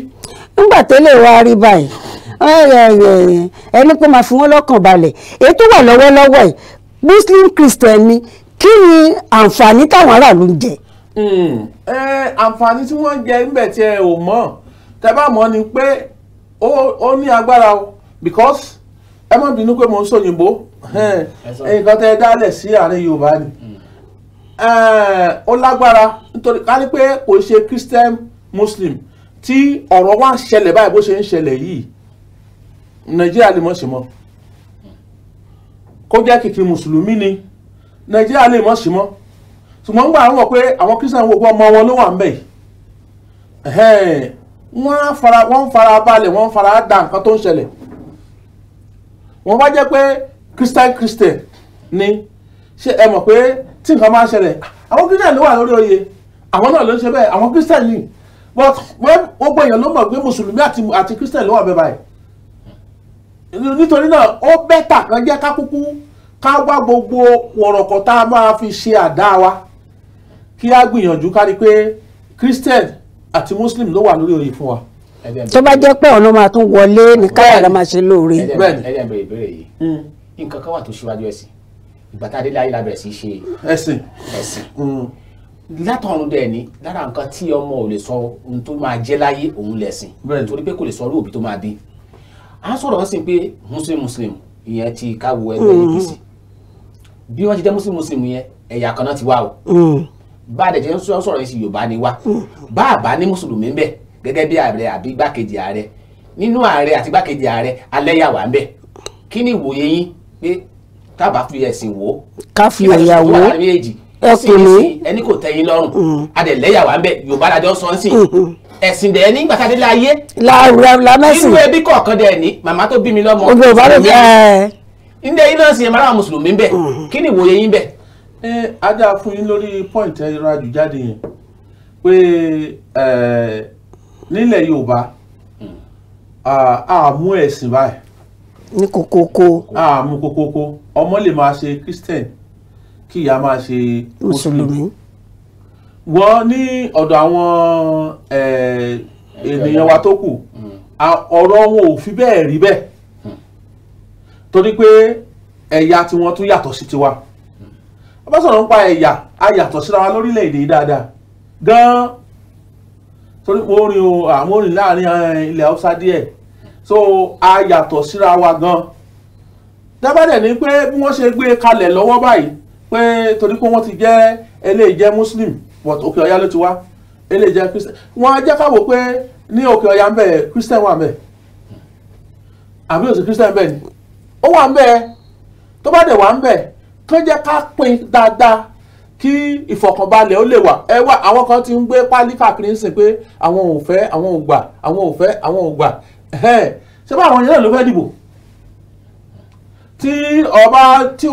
nígbà tẹ́lẹ̀ wá rí báyìí ẹni pé máa fi wọ́n lọ́kàn balẹ̀ èyí wà lọ́wọ́lọ́wọ́ ẹ̀ muslim christian ni kí ni àǹfààní táwọn aráàlú ń jẹ. Hmm, àǹfààní tí wọ́n ń jẹ níbẹ̀ tí ẹ ò mọ̀ tẹ bá ni pé ó ní agbára o because ẹ má bínú pé mo ń sòyìnbó nǹkan tẹ dálẹ̀ sí àárín yorùbá ni hmm. ó lágbára nítorí ká ní pé kò ṣe christian muslim. Mm tí ọ̀rọ̀ wá ń ṣẹlẹ̀ báyìí bó ṣe ń ṣẹlẹ̀ yìí nàìjíríà lè mọ̀ sí mọ́ kó jẹ́ kìkì mùsùlùmí ni nàìjíríà lè mọ̀ sí mọ́ ṣùgbọ́n gbà wọ́n pé àwọn kristian wo ọmọ wọn ló wà ń bẹ̀ wọ́n ń fara balẹ̀ wọ́n ń fara da nǹkan tó ń ṣẹlẹ̀ wọ́n bá jẹ́ pé christian christian ni ṣé ẹ mọ̀ pé tí nǹkan máa ń ṣẹlẹ̀ àwọn christian ló wà lórí oyè àwọn náà ló ń ṣe bẹ́ẹ̀ àwọn christian yìí but when ó gbọ́ èèyàn ló mọ̀ pé mùsùlùmí àti àti christian ló wà bẹ́ẹ̀ báyìí nítorí náà ó bẹ́tà kan jẹ́ ká kúkú ká wá gbogbo wọ̀rọ̀kọ̀ tá a máa fi ṣe àdá wa kí á gbìyànjú ká rí pé christian àti muslim ló wà lórí oyè fún wa tó bá jẹ́ pé ọ̀nà máa tún wọlé ní káyàrá máa ṣe lóore. ẹ̀rẹ̀ bẹ̀rẹ̀ ìbéèrè yìí hmm. nǹkan kan wà tó ṣíwájú ẹ̀sìn ìgbà tá a dé láyé la bẹ̀rẹ̀ sí í ṣe ẹ̀sìn ẹ̀sìn hmm látọ̀run dẹ̀ ni lára nǹkan tí ọmọ ò lè sọ ohun tó máa jẹ́ láyé òun lẹ̀sìn torí pé kò lè sọ orí tó máa bí a sọ̀rọ̀ ọ́ sí pé muslim muslim ìyẹn ti káwo ẹgbẹ́ mm-hmm. APC bí wọ́n ti jẹ́ muslim muslim yẹn ẹ̀yà kan náà ti wá o mm. bá a dẹ̀ jẹ́ sọ̀rọ̀ yìí sí yorùbá ni wá mm. bá a bá ní mùsùlùmí ń bẹ̀ gẹ́gẹ́ bí ààrẹ àbí gbákejì ààrẹ nínú ààrẹ àti gbákejì ààrẹ alẹ́yàwó à ń bẹ̀ kí ni ìwòye yín pé ká bá fi ẹ̀sìn wò ó ká fi ẹ̀yà wò ó ẹsìn ẹni kò tẹ́yìn lọ́rùn mm-hmm. adẹlẹyàwó àbẹ yorùbá lajọ sọ ń sìn mm-hmm. ẹsìn dẹ ní gbàtàdé láàyè. la la mẹsìn irú ẹbí kọ̀ọ̀kan dẹ ní màmá tó bí mi lọ́mọ. òbí yorùbá ló fẹ́. ndé yín náà sì àwọn mùsùlùmí bẹ mm-hmm. kí ni ìwòye yín bẹ. ẹ ajá fún yín lórí point ẹ̀rọ àjùjáde yẹn pé nílẹ̀ yorùbá mm. àmú ẹ̀sìn báyìí. ní kokoko. àmú kokoko ọmọ lè máa ṣe christian kí ìyá máa ṣe mùsùlùmí wọ́n ní ọ̀dọ̀ àwọn ènìyàn wa tó kù ọ̀rọ̀ wọn ò fi bẹ́ẹ̀ rí bẹ́ẹ̀ torí pé ẹ̀yà tiwọn tún yàtọ̀ sí tiwa bá sọ̀rọ̀ ń pa ẹ̀yà a síra wa lórílẹ̀‐èdè dáadáa gan-an torí mo rìn o àmọ́ rìn láàrin ilẹ̀ haúsá díẹ̀ so a yàtọ̀ síra wa gan-an dábàdẹ̀ ni pé bí wọ́n ṣe gbé kalẹ̀ lọ́wọ́ báyìí pé torí pé wọ́n ti jẹ́ eléyìí jẹ́ muslim but òkè ọ̀yá ló ti wá eléyìí jẹ́ christian wọ́n á jẹ́ káwọ́ pé ní òkè ọ̀yá ń bẹ christian wà ń bẹ àbí òsì christian bẹ́ẹ̀ ni ó wà ń bẹ tó bá dẹ̀ wà ń bẹ tó jẹ́ ká pín dáadáa kí ìfọ̀kànbalẹ̀ ó lè wà ẹ wá àwọn kan ti ń gbé pálí káàkiri ń sìn pé àwọn ò fẹ́ àwọn ò gbà àwọn ò fẹ́ àwọn ò gbà ṣé báwọn yẹn náà ló fẹ́ dìbò tí ọba tí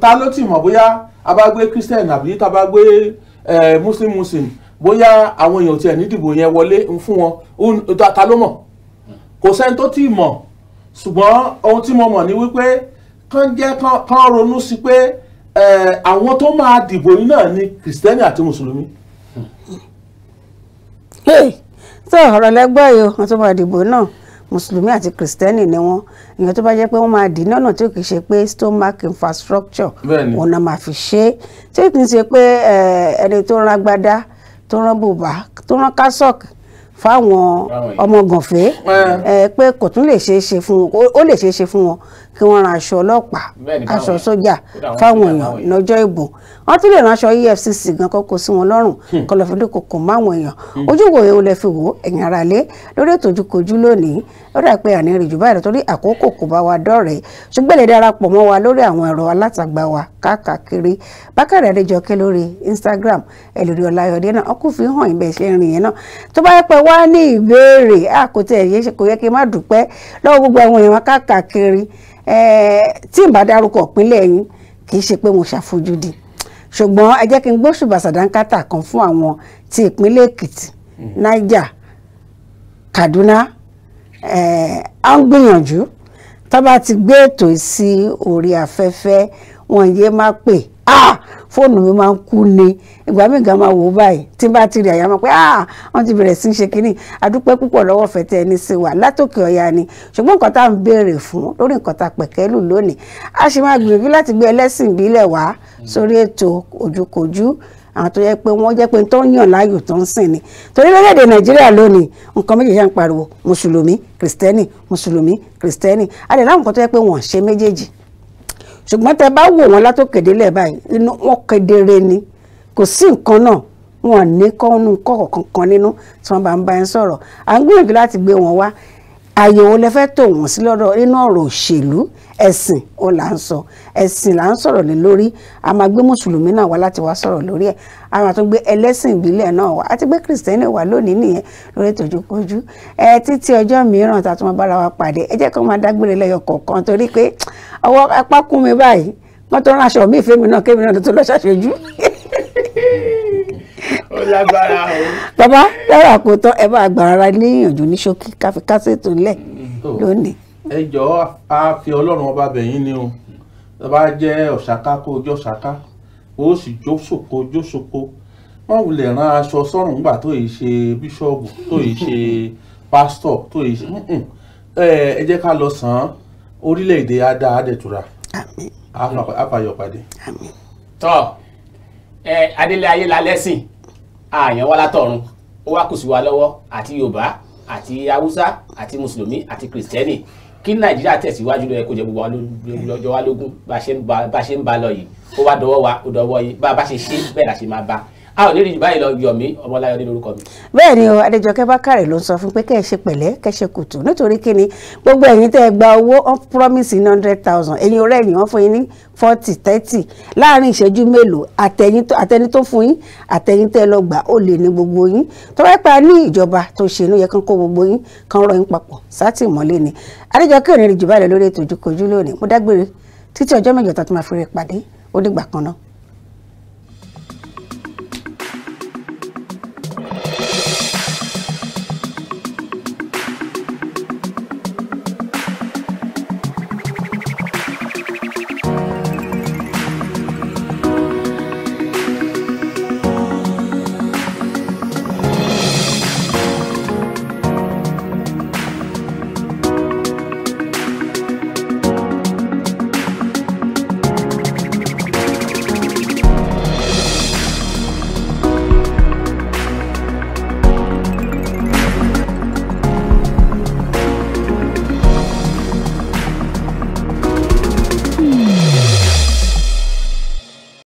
ta ló ti mọ̀ bóyá a bá gbé christian àbí ta bá gbé muslim muslim bóyá àwọn èèyàn tiẹ̀ nídìbò yẹn wọlé fún wọn ta ló mọ̀ kò sẹ́ni tó ti mọ̀ ṣùgbọ́n ohun tí mo mọ̀ ni wípé kán jẹ́ kán ronú sí pé àwọn tó máa dìbò yìí náà ni kìrìsìtẹ́nì àti mùsùlùmí. tó ọ̀rọ̀ lẹ́gbọ́n yìí wọ́n tó máa dìbò náà mùsùlùmí àti kìrìsìtẹ́nì ni wọ́n ìyẹn tó bá jẹ́ pé wọ́n máa dì í lọ́nà tí ó kì í ṣe pé stomach infrastructure òun náà máa fi ṣe é tí ó kì í ṣe pé eh, ẹni tó rán agbádá tó rán bùbá tó rán kásọ̀kì fáwọn ọmọ gànfẹ́ eh, pé kò tún lè ṣeé ṣe fún wọn ó lè ṣeé ṣe fún wọn kí wọ́n ran aṣọ ọlọ́pàá aṣọ sójà fáwọn èèyàn lọ́jọ́ ìbò wọ́n tún lè ran aṣọ EFCC gan kó kó sí wọn lọ́rùn hmm. kọlọ́fíndé kò kò máwọn èèyàn ojúwò ewu lẹ fi wò ẹ̀yìn ara lé lórí ètò ojúkojú lónìí ó dà pé àní ìrìjù báyìí torí àkókò kò bá wa dọ̀rẹ́ ṣùgbọ́n lè darapọ̀ mọ́ wa lórí àwọn ẹ̀rọ alátagbà wa káàkiri bákàrẹ̀ adéjọkẹ́ lórí Instagram ẹ̀lẹ́rì ọ̀làyọ̀dé náà ọkùnrin fi hàn ìbẹ̀ ṣe rìn yẹn náà tó bá yẹ pé wá ní ìbéèrè àkótẹ́ ẹ̀yẹ kò yẹ kí n má dúpẹ́ lọ́wọ́ gbogbo àwọn èèyàn káàkiri tí n bá dárúkọ ìpínlẹ̀ yín kì í ṣe pé mo ṣàfojúdi ṣùgbọ́n ẹ jẹ́ kí n gbóṣùbà sàdánkátà kan fún àwọn ti ìpínlẹ̀ Èkìtì mm-hmm. Niger Kaduna à ń gbìyànjú tó bá ti gbé ètò sí orí afẹ́fẹ́ wọn yé má pè ah! fóònù mi máa ń kú ni ìgbà mi gan máa wò ó báyìí tí n bá ti rí àyà máa pé ah wọ́n ti bẹ̀rẹ̀ sí í ṣe kínní adúpẹ́ púpọ̀ lọ́wọ́ fẹ̀tẹ́ ẹni sí wa látòkè ọ̀yà ni ṣùgbọ́n nǹkan tá à ń béèrè fún lórí nǹkan tá a pẹ̀kẹ́lù lónìí a sì máa gbìyànjú láti gbé ẹlẹ́sìn ìbílẹ̀ wá sórí ètò ojúkojú àwọn tó yẹ pé wọ́n jẹ́ pé tó ń yàn láàyò tó ń sìn ni torí lórílẹ̀‐èdè nàìjíríà lónìí nǹkan méjì yà ń pariwo mùsùlùmí kìrìsìtẹ́nì mùsùlùmí kìrìsìtẹ́nì adẹ̀ láwọn nǹkan tó yẹ pé wọ́n ṣe méjèèjì ṣùgbọ́n tẹ bá wò wọn látòkèdélẹ̀ báyìí inú wọn kedere ni kò sí nǹkan náà wọn ní kọ́nù kọ̀ọ̀kan kan nínú tí wọ́n bá ń bá ẹ sọ̀rọ̀ à ń gbìyànjú láti gbé wọn wá àyẹ̀wò lẹ fẹ́ tò wọ́n sí lọ́dọ̀ nínú ọ̀rọ̀ òṣèlú ẹ̀sìn òun là ń sọ ẹ̀sìn là ń sọ̀rọ̀ lé lórí a máa gbé mùsùlùmí náà wá láti wá sọ̀rọ̀ lórí ẹ̀ a máa tún gbé ẹlẹ́sìn ìbílẹ̀ náà wá àti gbé kìrìsìtẹ́nì wá lónìí nìyẹn lórí tòjúkojú ẹ títí ọjọ́ mìíràn tá a tún máa bára wa pàdé ẹ jẹ́ kó máa dágbére lẹ́yọ kọ̀ọ̀kan torí pé ọwọ́ apá kún mi báyìí wọ́n tó ránṣọ mí ìfẹ́ mi náà kémi náà tó lọ ṣàṣejú bàbá lára àpótán ẹ bá àgbàrá níyànjú ní ṣókí káfíkásẹ̀ tó lẹ̀ mm-hmm. lónìí ẹ jọ̀ọ́ a fi ọlọ́run ọba bẹ̀yìn ni o tó bá jẹ́ ọ̀ṣàká kó o jẹ́ ọ̀ṣàká o sì jó sòko jó sòko wọ́n wulẹ̀ rán aṣọ sọ́run nígbà tó yìí ṣe bíṣọ́ọ̀bù tó yìí ṣe pásítọ̀ tó yìí ṣe ẹ jẹ́ ká lọ sàn án orílẹ̀-èdè adá adẹ̀tura afàyọ̀pàdé. tọ́ ẹ adélé ayé la lẹ́sìn àyàn wá látọ̀run ó wá kù sí wa lọ́wọ́ àti yorùbá àti haúsá àti mùsùlùmí àti kìrìsìtẹ́nì kí nàìjíríà tẹ̀síwájú ló yẹ kó jẹ gbogbo wa lógún bá a ṣe ń ba lọ yìí ó wá dọwọ́ wa ó dọwọ́ yìí bá a bá ṣe ṣe bẹ́ẹ̀ la ṣe máa bá a ò ní rí báyìí lọ yọ̀mí ọmọláyọ̀dé lórúkọ mi. bẹ́ẹ̀ ni o adéjọkẹ́ bákàrẹ̀ ló ń sọ fún pé kẹ́ ẹ ṣe pẹ̀lẹ́ kẹ́ ẹ ṣe kùtù nítorí kí ni gbogbo ẹ̀yin tẹ́ ẹ gba owó on promise ní hundred thousand ẹ̀yin ọ̀rẹ́ ẹ̀yìn wọ́n fún yín ní forty thirty láàrin ìṣẹ́jú mélòó àtẹni tó fún yín àtẹyin tẹ́ ẹ lọ gbà ó lè ní gbogbo yín tó bá pa ní ìjọba tó ṣe inú yẹ kán kó gbogbo yín kán rọ yín papọ̀ sátìmọ́lé ni adéjọkẹ́ òní rí jù báyìí lórí ètò Ojúkojú lónìí mo dágbére títí ọjọ́ mẹ́jọ tó máa fi rí pàdé ó dìgbà kan náà